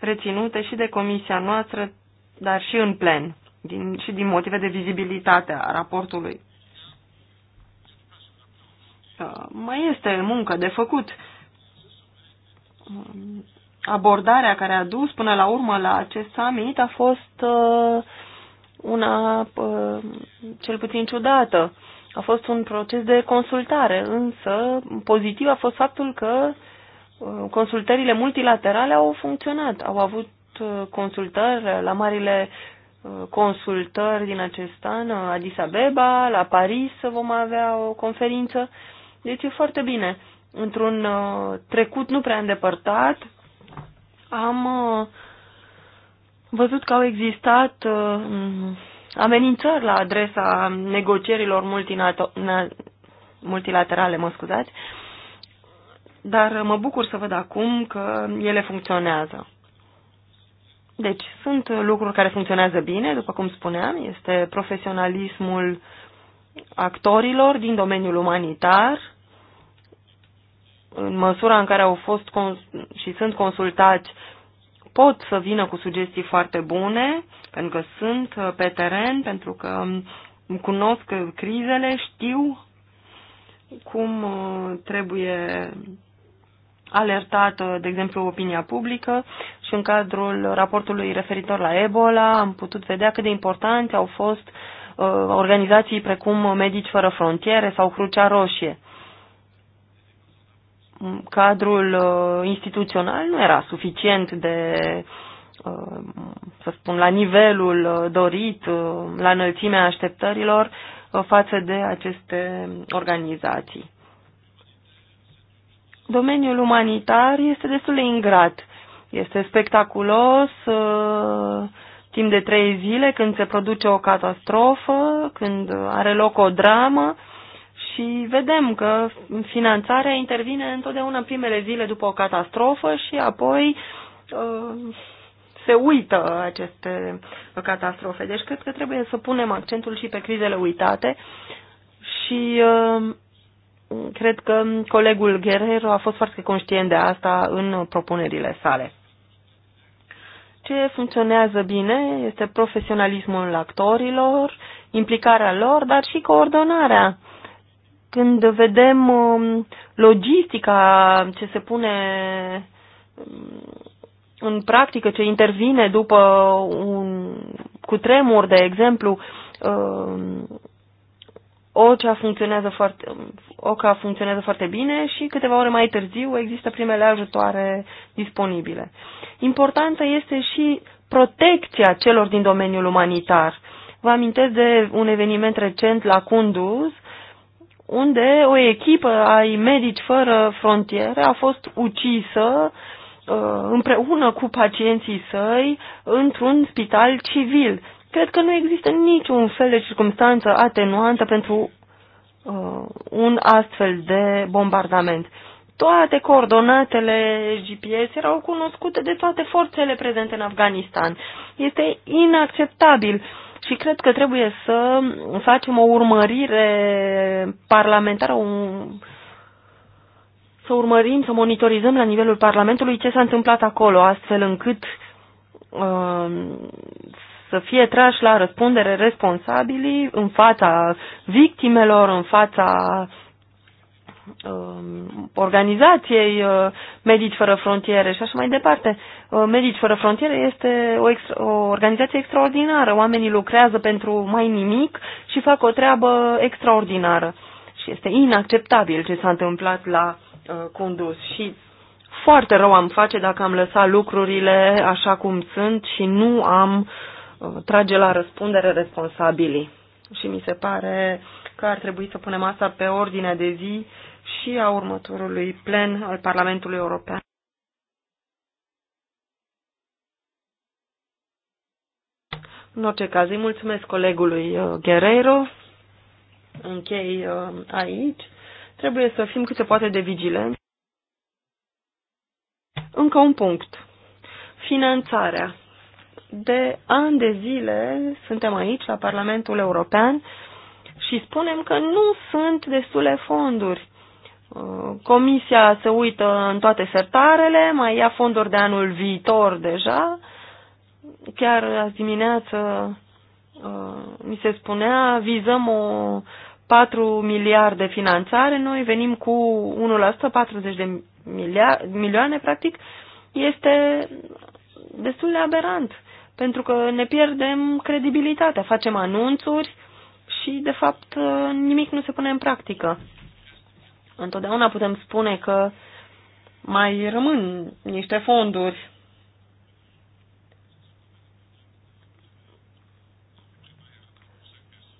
reținute și de comisia noastră, dar și în plen, din, și din motive de vizibilitate a raportului. Uh, mai este muncă de făcut. Mm, abordarea care a dus până la urmă la acest summit a fost uh, una uh, cel puțin ciudată a fost un proces de consultare, însă pozitiv a fost faptul că uh, consultările multilaterale au funcționat. Au avut uh, consultări la marile uh, consultări din acest an, Addis Abeba, la Paris vom avea o conferință. Deci e foarte bine. Într-un trecut nu prea îndepărtat am văzut că au existat amenințări la adresa negocierilor multilaterale, mă scuzați, dar mă bucur să văd acum că ele funcționează. Deci, sunt lucruri care funcționează bine, după cum spuneam, este profesionalismul actorilor din domeniul umanitar, în măsura în care au fost și sunt consultați pot să vină cu sugestii foarte bune, pentru că sunt uh, pe teren, pentru că um, cunosc crizele, știu cum uh, trebuie alertată, de exemplu, opinia publică și în cadrul raportului referitor la Ebola am putut vedea cât de importante au fost uh, organizații precum Medici Fără Frontiere sau Crucea Roșie. Uh, cadrul uh, instituțional nu era suficient de, uh, să spun, la nivelul uh, dorit, la înălțimea așteptărilor față de aceste organizații. Domeniul umanitar este destul de ingrat. Este spectaculos timp de trei zile când se produce o catastrofă, când are loc o dramă, și vedem că finanțarea intervine întotdeauna în primele zile după o catastrofă și apoi uh, se uită aceste catastrofe. Deci cred că trebuie să punem accentul și pe crizele uitate și uh, cred că colegul Guerrero a fost foarte conștient de asta în propunerile sale. Ce funcționează bine este profesionalismul actorilor, implicarea lor, dar și coordonarea când vedem um, logistica ce se pune um, în practică, ce intervine după un cutremur, de exemplu, um, OCA funcționează foarte, OCA funcționează foarte bine și câteva ore mai târziu există primele ajutoare disponibile. Importantă este și protecția celor din domeniul umanitar. Vă amintesc de un eveniment recent la Kunduz unde o echipă ai Medici Fără Frontiere a fost ucisă uh, împreună cu pacienții săi într-un spital civil. Cred că nu există niciun fel de circunstanță atenuantă pentru uh, un astfel de bombardament. Toate coordonatele GPS erau cunoscute de toate forțele prezente în Afganistan. Este inacceptabil. Uh, și cred că trebuie să facem o urmărire parlamentară, un, să urmărim, să monitorizăm la nivelul Parlamentului ce s-a întâmplat acolo, astfel încât uh, să fie trași la răspundere responsabilii în fața victimelor, în fața Um, organizației uh, Medici Fără Frontiere și așa mai departe. Uh, Medici Fără Frontiere este o, extra, o organizație extraordinară. Oamenii lucrează pentru mai nimic și fac o treabă extraordinară. Și este inacceptabil ce s-a întâmplat la uh, condus și foarte rău am face dacă am lăsat lucrurile așa cum sunt și nu am uh, trage la răspundere responsabilii. Și mi se pare că ar trebui să punem asta pe ordinea de zi și a următorului plen al Parlamentului European. În orice caz, îi mulțumesc colegului uh, Guerrero. Închei uh, aici. Trebuie să fim cât se poate de vigilenți. Încă un punct. Finanțarea. De ani de zile suntem aici, la Parlamentul European, și spunem că nu sunt destule fonduri. Uh, comisia se uită în toate sertarele, mai ia fonduri de anul viitor deja. Chiar azi dimineață uh, mi se spunea, vizăm o 4 miliarde finanțare, noi venim cu 1%, 40 de milioane, practic, este destul de aberant, pentru că ne pierdem credibilitatea, facem anunțuri și, de fapt, uh, nimic nu se pune în practică. Întotdeauna putem spune că mai rămân niște fonduri.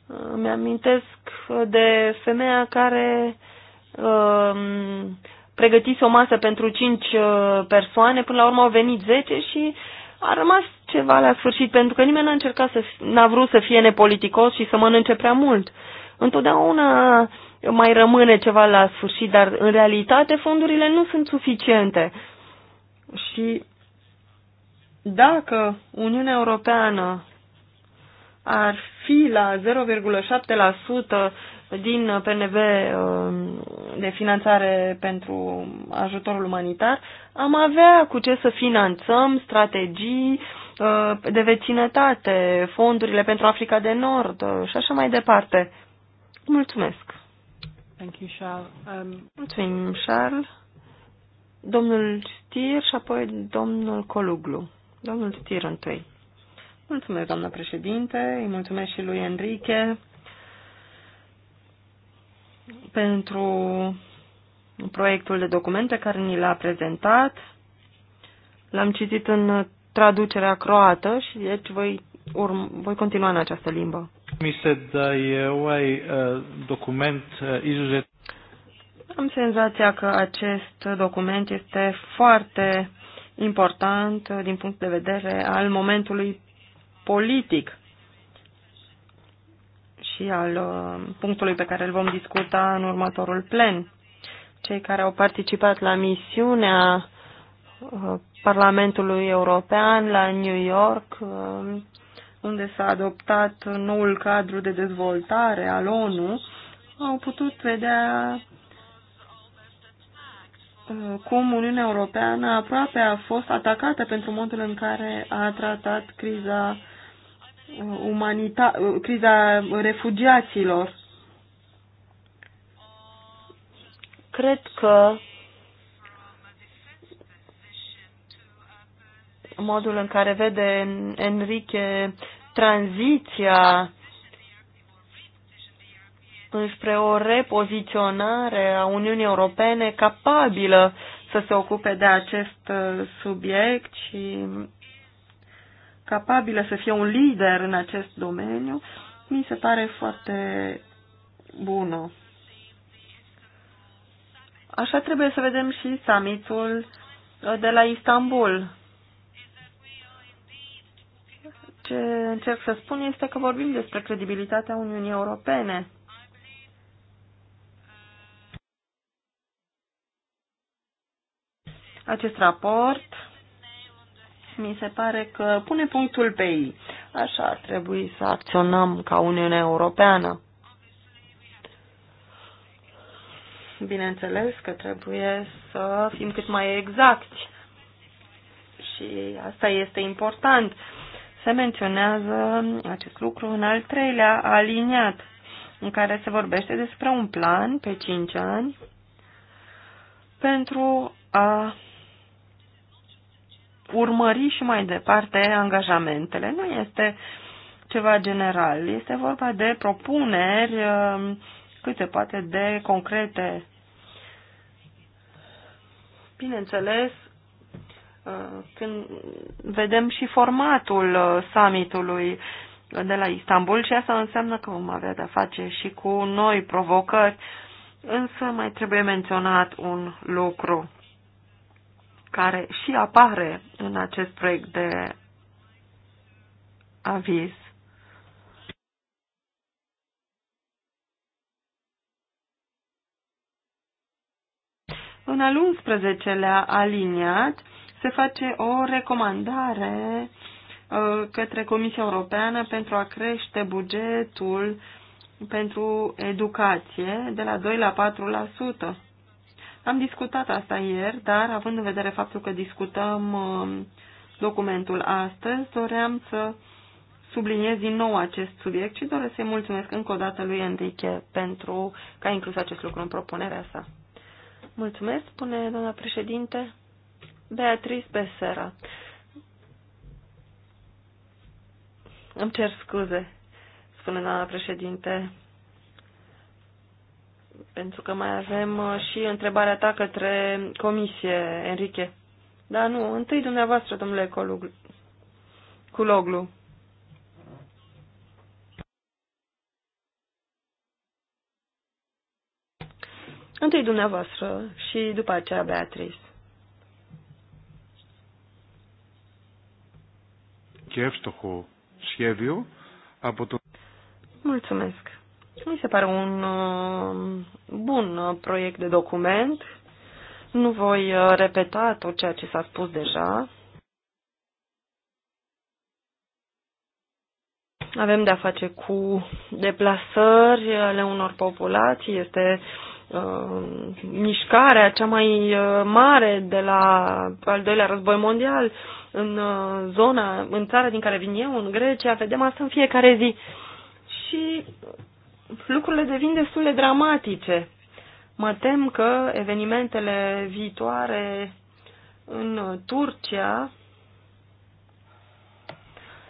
Îmi amintesc de femeia care um, pregătise o masă pentru cinci uh, persoane, până la urmă au venit zece și a rămas ceva la sfârșit, pentru că nimeni n-a încercat să, n-a vrut să fie nepoliticos și să mănânce prea mult. Întotdeauna mai rămâne ceva la sfârșit, dar în realitate fondurile nu sunt suficiente. Și dacă Uniunea Europeană ar fi la 0,7% din PNB um, de finanțare pentru ajutorul umanitar, am avea cu ce să finanțăm strategii uh, de vecinătate, fondurile pentru Africa de Nord uh, și așa mai departe. Mulțumesc! Thank you, Charles. Um... Mulțumim, Charles. Domnul Stier și apoi domnul Coluglu. Domnul Stier întâi. Mulțumesc, doamnă președinte, îi mulțumesc și lui Enrique pentru proiectul de documente care ni l-a prezentat. L-am citit în traducerea croată și deci voi, urm- voi continua în această limbă. Mi se da je ovaj izuzet. Am senzația că acest document este foarte important din punct de vedere al momentului politic și al uh, punctului pe care îl vom discuta în următorul plen. Cei care au participat la misiunea uh, Parlamentului European la New York uh, unde s-a adoptat noul cadru de dezvoltare al ONU, au putut vedea uh, cum Uniunea Europeană aproape a fost atacată pentru modul în care a tratat criza, uh, umanita- uh, criza refugiaților. Cred că modul în care vede Enrique tranziția înspre o repoziționare a Uniunii Europene capabilă să se ocupe de acest uh, subiect și capabilă să fie un lider în acest domeniu, mi se pare foarte bună. Așa trebuie să vedem și summitul uh, de la Istanbul. Ce încerc să spun este că vorbim despre credibilitatea Uniunii Europene. Acest raport mi se pare că pune punctul pe ei. Așa ar trebui să acționăm ca Uniunea Europeană. Bineînțeles că trebuie să fim cât mai exacti și asta este important se menționează acest lucru în al treilea aliniat, în care se vorbește despre un plan pe 5 ani pentru a urmări și mai departe angajamentele. Nu este ceva general, este vorba de propuneri um, cât se poate de concrete. Bineînțeles, Uh, când vedem și formatul uh, summitului de la Istanbul și asta înseamnă că vom avea de-a face și cu noi provocări. Însă mai trebuie menționat un lucru care și apare în acest proiect de aviz. În al 11-lea aliniat se face o recomandare uh, către Comisia Europeană pentru a crește bugetul pentru educație de la 2 la 4%. Am discutat asta ieri, dar având în vedere faptul că discutăm uh, documentul astăzi, doream să subliniez din nou acest subiect și doresc să-i mulțumesc încă o dată lui Enrique pentru că a inclus acest lucru în propunerea sa. Mulțumesc, spune doamna președinte. Beatriz Besera. Îmi cer scuze, spune doamna președinte, pentru că mai avem uh, și întrebarea ta către comisie, Enrique. Da, nu, întâi dumneavoastră, domnule Coluglu. Culoglu. Întâi dumneavoastră și după aceea Beatrice. και εύστοχο σχέδιο από το... Mulțumesc. Mi se pare un um, bun proiect de document. Nu voi uh, repeta tot ceea ce s-a spus deja. Avem de-a face cu deplasări ale unor populații. Este uh, uh, mișcarea cea mai uh, mare de la al doilea război mondial în uh, zona, în țara din care vin eu, în Grecia, vedem asta în fiecare zi. Și lucrurile devin destul de dramatice. Mă tem că evenimentele viitoare în Turcia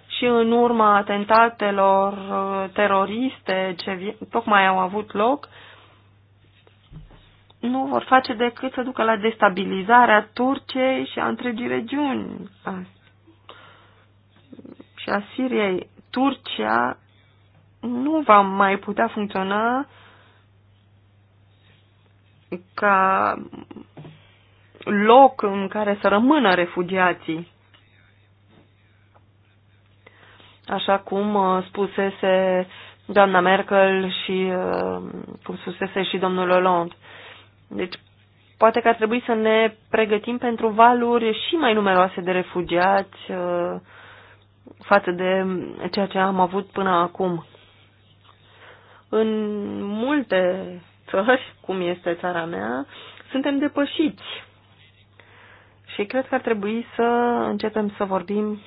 și în urma atentatelor uh, teroriste ce tocmai au avut loc, nu vor face decât să ducă la destabilizarea Turciei și a întregii regiuni a, și a Siriei. Turcia nu va mai putea funcționa ca loc în care să rămână refugiații. Așa cum uh, spusese doamna Merkel și uh, cum spusese și domnul Hollande. Deci, poate că ar trebui să ne pregătim pentru valuri și mai numeroase de refugiați uh, față de ceea ce am avut până acum. În multe țări, cum este țara mea, suntem depășiți. Și cred că ar trebui să începem să vorbim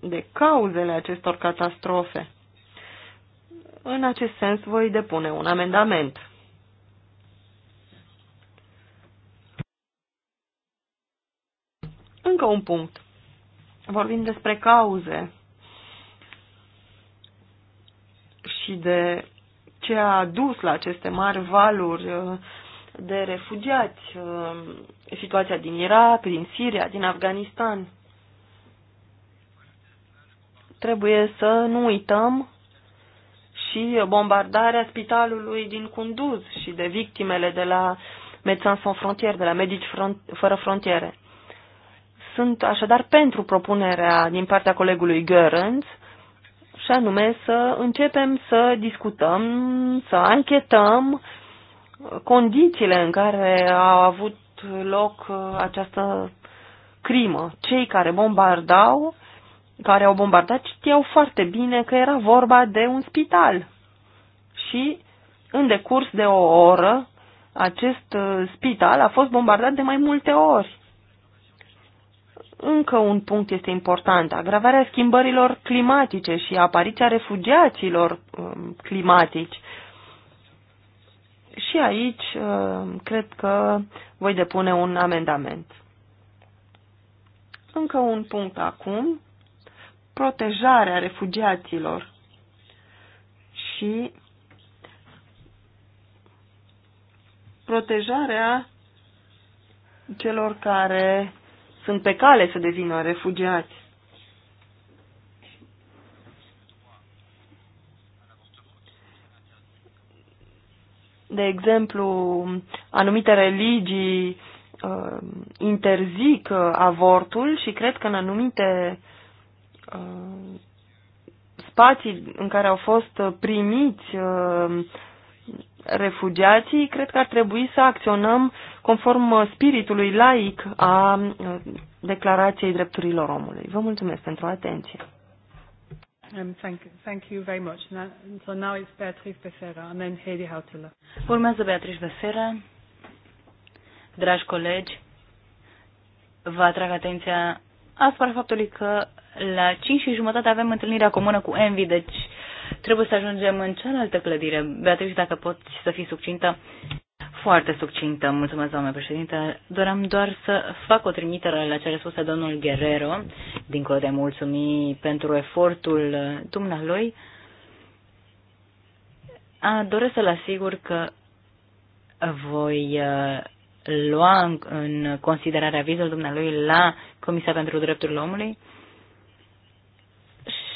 de cauzele acestor catastrofe. În acest sens voi depune un amendament. încă un punct. Vorbim despre cauze și de ce a dus la aceste mari valuri uh, de refugiați, uh, situația din Irak, din Siria, din Afganistan. Trebuie să nu uităm și bombardarea spitalului din Kunduz și de victimele de la Médecins Sans Frontières, de la Medici Fără Frontiere. Sunt așadar pentru propunerea din partea colegului Görens și anume să începem să discutăm, să anchetăm condițiile în care a avut loc uh, această crimă. Cei care bombardau, care au bombardat, știau foarte bine că era vorba de un spital. Și în decurs de o oră, acest uh, spital a fost bombardat de mai multe ori. Încă un punct este important, agravarea schimbărilor climatice și apariția refugiaților um, climatici. Și aici um, cred că voi depune un amendament. Încă un punct acum, protejarea refugiaților și protejarea celor care sunt pe cale să devină refugiați. De exemplu, anumite religii uh, interzic uh, avortul și cred că în anumite uh, spații în care au fost uh, primiți uh, refugiații, cred că ar trebui să acționăm conform spiritului laic a uh, Declarației Drepturilor Omului. Vă mulțumesc pentru atenție. Um, thank you very much. So now Urmează Beatrice Becerra. Dragi colegi, vă atrag atenția asupra faptului că la 5 și jumătate avem întâlnirea comună cu Envy, deci Trebuie să ajungem în cealaltă clădire. Beatrice, dacă poți să fii succintă. Foarte succintă, mulțumesc, doamne președinte. Doream doar să fac o trimitere la cele spuse domnul Guerrero, dincolo de mulțumi pentru efortul dumnealui. A, doresc să-l asigur că voi uh, lua în considerare avizul dumnealui la Comisia pentru Drepturile Omului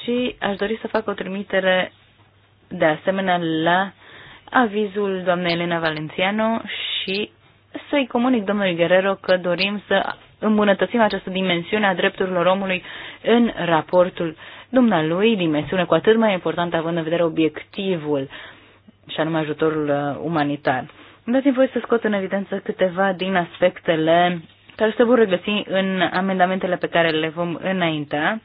și aș dori să fac o trimitere de asemenea la avizul doamnei Elena Valenciano și să-i comunic domnului Guerrero că dorim să îmbunătățim această dimensiune a drepturilor omului în raportul dumnealui, dimensiune cu atât mai importantă având în vedere obiectivul și anume ajutorul uh, umanitar. Dați-mi voi să scot în evidență câteva din aspectele care se vor regăsi în amendamentele pe care le vom înainta.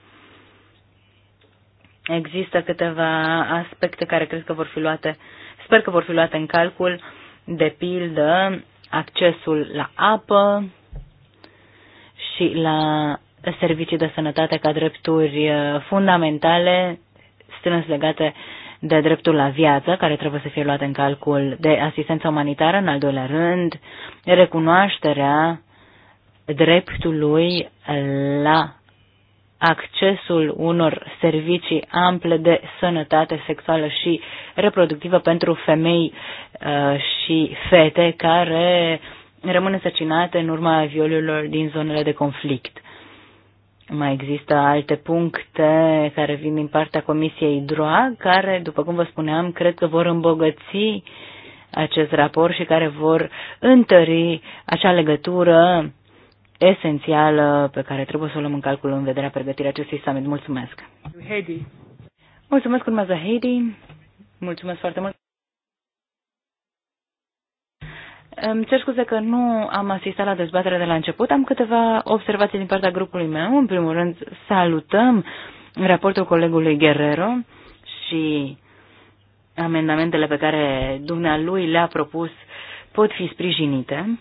Există câteva aspecte care cred că vor fi luate, sper că vor fi luate în calcul, de pildă accesul la apă și la servicii de sănătate ca drepturi uh, fundamentale strâns legate de dreptul la viață, care trebuie să fie luat în calcul de asistență umanitară, în al doilea rând, recunoașterea dreptului la accesul unor servicii ample de sănătate sexuală și reproductivă pentru femei uh, și fete care rămân însăcinate în urma violurilor din zonele de conflict. Mai există alte puncte care vin din partea Comisiei DROA, care, după cum vă spuneam, cred că vor îmbogăți acest raport și care vor întări acea legătură esențială pe care trebuie să o luăm în calcul în vederea pregătirii acestui summit. Mulțumesc! Heidi. Mulțumesc, urmează Heidi. Mulțumesc foarte mult! Îmi cer scuze că nu am asistat la dezbaterea de la început. Am câteva observații din partea grupului meu. În primul rând, salutăm raportul colegului Guerrero și amendamentele pe care dumnealui le-a propus pot fi sprijinite.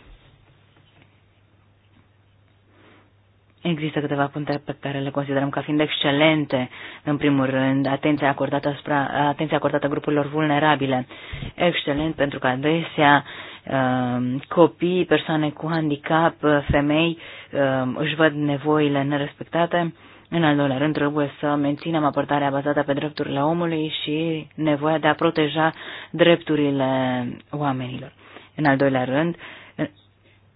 Există câteva puncte pe care le considerăm ca fiind excelente, în primul rând, atenția acordată, asupra, atenția acordată grupurilor vulnerabile. Excelent pentru că adesea um, copii, persoane cu handicap, femei um, își văd nevoile nerespectate. În al doilea rând, trebuie să menținem apărtarea bazată pe drepturile omului și nevoia de a proteja drepturile oamenilor. În al doilea rând,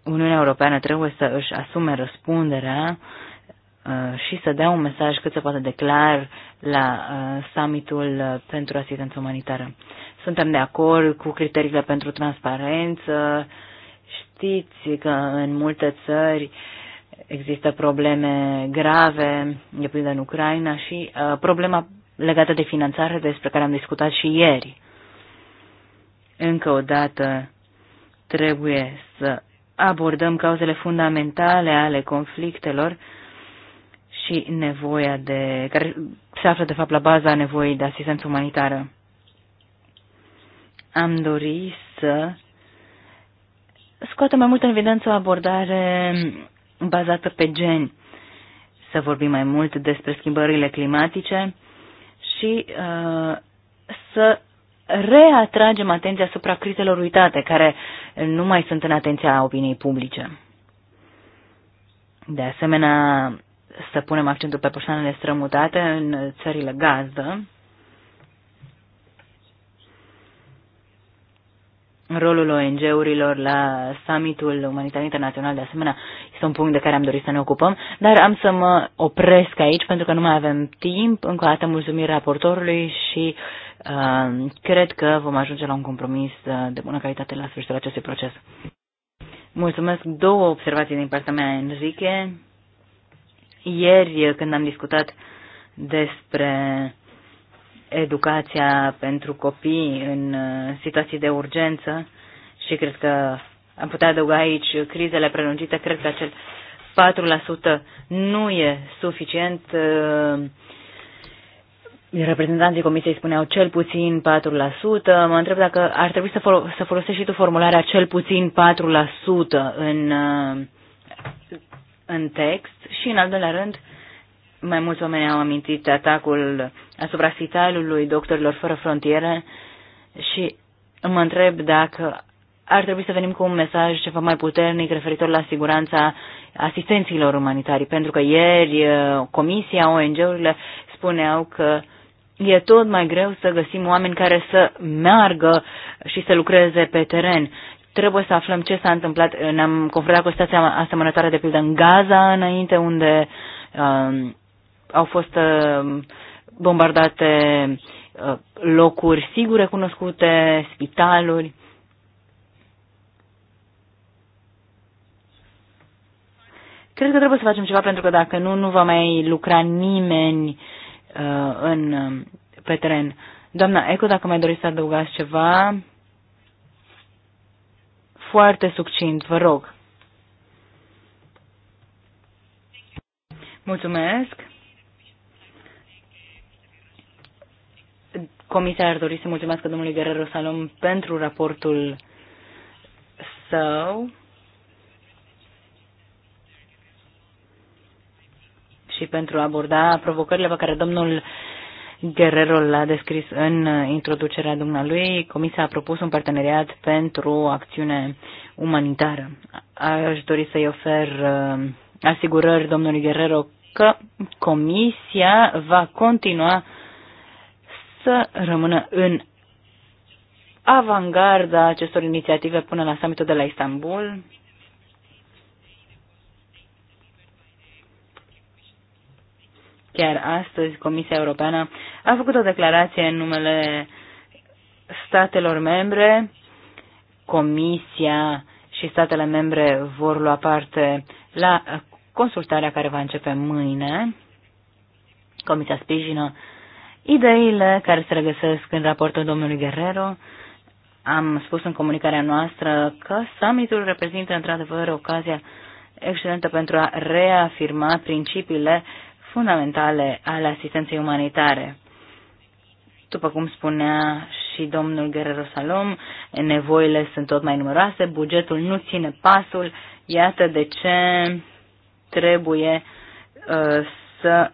Uniunea Europeană trebuie să își asume răspunderea uh, și să dea un mesaj cât se poate de clar la uh, summitul uh, pentru asistență umanitară. Suntem de acord cu criteriile pentru transparență. Știți că în multe țări există probleme grave, de pildă în Ucraina, și problema legată de finanțare despre care am discutat și ieri. Încă o dată trebuie să abordăm cauzele fundamentale ale conflictelor și nevoia de, care se află de fapt la baza nevoii de asistență umanitară. Am dorit să scoatem mai mult în evidență o abordare bazată pe geni, să vorbim mai mult despre schimbările climatice și uh, să reatragem atenția asupra crizelor uitate, care nu mai sunt în atenția opiniei publice. De asemenea, să punem accentul pe persoanele strămutate în țările gazdă. Rolul ONG-urilor la summitul umanitar internațional, de asemenea, este un punct de care am dorit să ne ocupăm, dar am să mă opresc aici pentru că nu mai avem timp. Încă o dată mulțumim raportorului și uh, Uh, cred că vom ajunge la un compromis uh, de bună calitate la sfârșitul acestui proces. Mulțumesc. Două observații din partea mea, Enrique. Ieri, când am discutat despre educația pentru copii în uh, situații de urgență și cred că am putea adăuga aici crizele prelungite, cred că acel 4% nu e suficient reprezentanții comisiei spuneau cel puțin 4%. Mă întreb dacă ar trebui să, folo- să folosești și tu formularea cel puțin 4% în, uh, în text și, în al doilea rând, mai mulți oameni au amintit atacul asupra spitalului Doctorilor Fără Frontiere și mă întreb dacă ar trebui să venim cu un mesaj ceva mai puternic referitor la siguranța asistenților umanitari, pentru că ieri uh, Comisia, ONG-urile spuneau că uh, e tot mai greu să găsim oameni care să meargă și să lucreze pe teren. Trebuie să aflăm ce s-a întâmplat. Ne-am confruntat cu o situație asemănătoare de pildă în Gaza înainte, unde uh, au fost uh, bombardate uh, locuri sigure cunoscute, spitaluri. Cred că trebuie să facem ceva pentru că dacă nu, nu va mai lucra nimeni uh, Uh, în, um, pe teren. Doamna Eco, dacă mai doriți să adăugați ceva, foarte succint, vă rog. Mulțumesc. Comisia ar dori să mulțumesc domnului Guerrero Salom pentru raportul său. și pentru a aborda provocările pe care domnul Guerrero l-a descris în introducerea dumnealui. Comisia a propus un parteneriat pentru acțiune umanitară. Aș dori să-i ofer uh, asigurări domnului Guerrero că Comisia va continua să rămână în avangarda acestor inițiative până la summitul de la Istanbul Chiar astăzi, Comisia Europeană a făcut o declarație în numele statelor membre. Comisia și statele membre vor lua parte la consultarea care va începe mâine. Comisia sprijină ideile care se regăsesc în raportul domnului Guerrero. Am spus în comunicarea noastră că summitul reprezintă într-adevăr ocazia excelentă pentru a reafirma principiile fundamentale ale asistenței umanitare. După cum spunea și domnul Guerrero Salom, nevoile sunt tot mai numeroase, bugetul nu ține pasul, iată de ce trebuie uh, să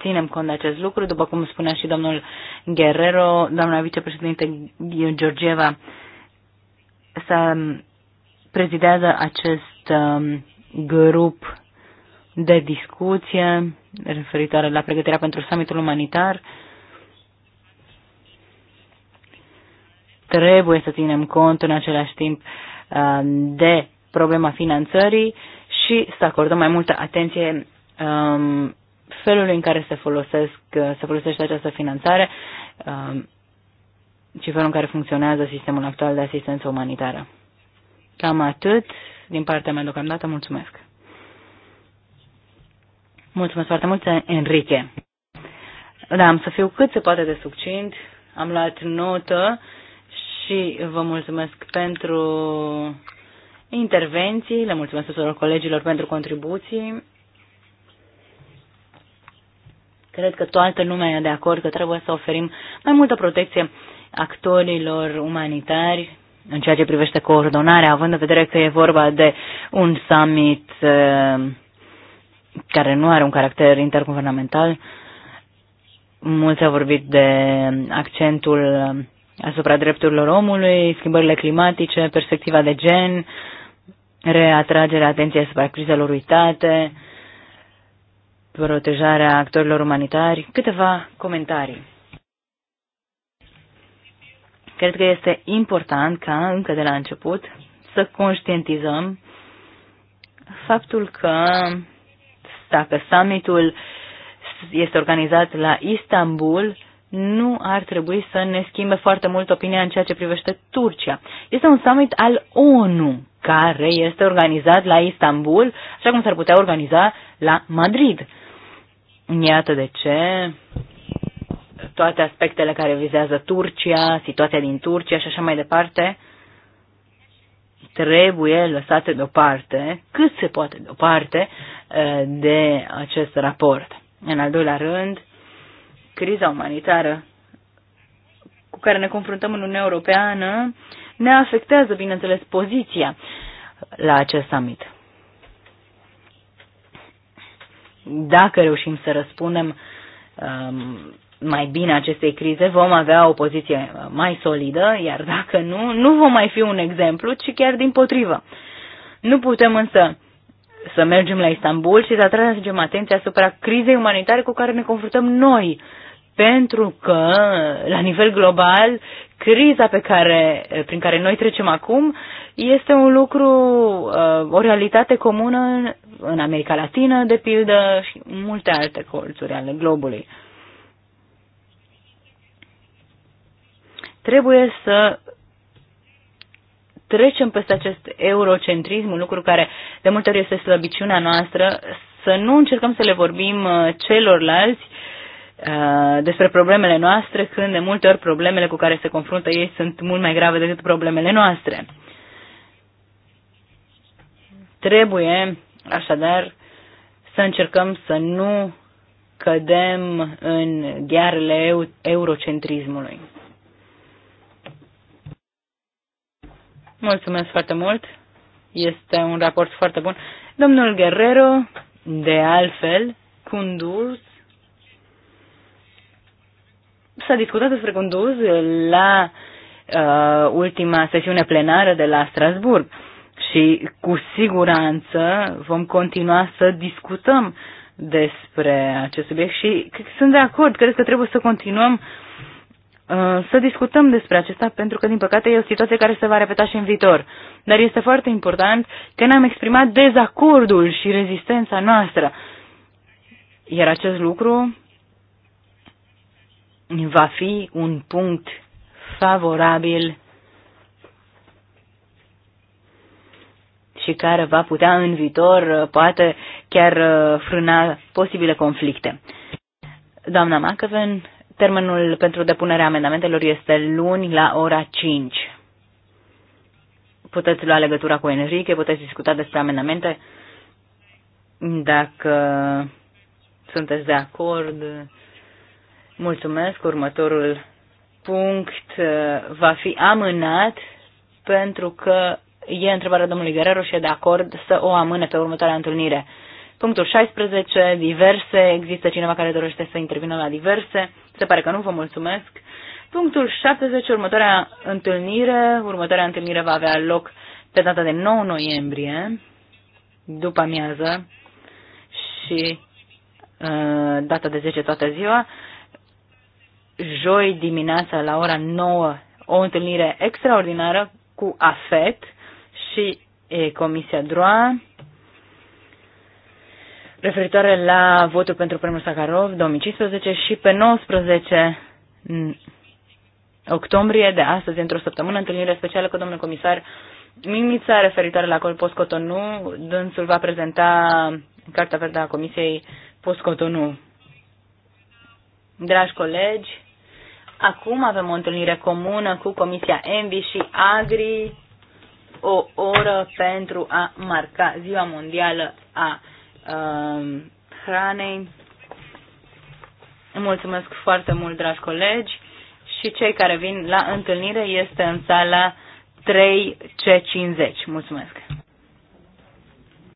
ținem cont de acest lucru. După cum spunea și domnul Guerrero, doamna vicepreședinte Georgieva, să um, prezidează acest um, grup de discuție referitoare la pregătirea pentru summitul umanitar. Trebuie să ținem cont în același timp uh, de problema finanțării și să acordăm mai multă atenție um, felului în care se, folosesc, uh, se folosește această finanțare um, și felul în care funcționează sistemul actual de asistență umanitară. Cam atât din partea mea deocamdată. Mulțumesc. Mulțumesc foarte mult, Enrique. Da, am să fiu cât se poate de succint. Am luat notă și vă mulțumesc pentru intervenții, le mulțumesc tuturor colegilor pentru contribuții. Cred că toată lumea e de acord că trebuie să oferim mai multă protecție actorilor umanitari în ceea ce privește coordonarea, având în vedere că e vorba de un summit eh, care nu are un caracter interguvernamental. Mulți au vorbit de accentul asupra drepturilor omului, schimbările climatice, perspectiva de gen, reatragerea atenției asupra crizelor uitate, protejarea actorilor umanitari, câteva comentarii. Cred că este important ca încă de la început să conștientizăm faptul că dacă summitul este organizat la Istanbul, nu ar trebui să ne schimbe foarte mult opinia în ceea ce privește Turcia. Este un summit al ONU care este organizat la Istanbul, așa cum s-ar putea organiza la Madrid. Iată de ce toate aspectele care vizează Turcia, situația din Turcia și așa mai departe, trebuie lăsate deoparte, cât se poate deoparte, eh, de acest raport. În al doilea rând, criza umanitară cu care ne confruntăm în Uniunea Europeană ne afectează, bineînțeles, poziția la acest summit. Dacă reușim să răspundem ehm, mai bine acestei crize, vom avea o poziție mai solidă, iar dacă nu, nu vom mai fi un exemplu, ci chiar din potrivă. Nu putem însă să mergem la Istanbul și să atragem atenția asupra crizei umanitare cu care ne confruntăm noi, pentru că, la nivel global, criza pe care, prin care noi trecem acum este un lucru, uh, o realitate comună în America Latină, de pildă, și multe alte colțuri ale globului. Trebuie să trecem peste acest eurocentrism, un lucru care de multe ori este slăbiciunea noastră, să nu încercăm să le vorbim uh, celorlalți uh, despre problemele noastre, când de multe ori problemele cu care se confruntă ei sunt mult mai grave decât problemele noastre. Trebuie, așadar, să încercăm să nu cădem în ghearele eurocentrismului. Mulțumesc foarte mult. Este un raport foarte bun. Domnul Guerrero, de altfel, Cunduz, s-a discutat despre Cunduz la uh, ultima sesiune plenară de la Strasburg și cu siguranță vom continua să discutăm despre acest subiect și sunt de acord, cred că trebuie să continuăm uh, Uh, să discutăm despre acesta, pentru că, din păcate, e o situație care se va repeta și în viitor. Dar este foarte important că ne-am exprimat dezacordul și rezistența noastră. Iar acest lucru va fi un punct favorabil și care va putea în viitor, uh, poate chiar uh, frâna posibile conflicte. Doamna Macaven, Termenul pentru depunerea amendamentelor este luni la ora 5. Puteți lua legătura cu Enrique, puteți discuta despre amendamente. Dacă sunteți de acord, mulțumesc. Următorul punct uh, va fi amânat pentru că e întrebarea domnului Guerrero și e de acord să o amâne pe următoarea întâlnire. Punctul 16, diverse. Există cineva care dorește să intervină la diverse? Se pare că nu, vă mulțumesc. Punctul 17 următoarea întâlnire. Următoarea întâlnire va avea loc pe data de 9 noiembrie, după amiază și uh, data de 10 toată ziua. Joi dimineața la ora 9, o întâlnire extraordinară cu AFET și e, Comisia Droa referitoare la votul pentru premiul Sakharov 2015 și pe 19 octombrie de astăzi, într-o săptămână, întâlnire specială cu domnul comisar Mimița referitoare la acolo postcotonu, Dânsul va prezenta Cartea Verde a Comisiei postcotonu. Dragi colegi, acum avem o întâlnire comună cu Comisia Envi și Agri, o oră pentru a marca Ziua Mondială a uh, hranei. Mulțumesc foarte mult, dragi colegi, și cei care vin la întâlnire este în sala 3C50. Mulțumesc!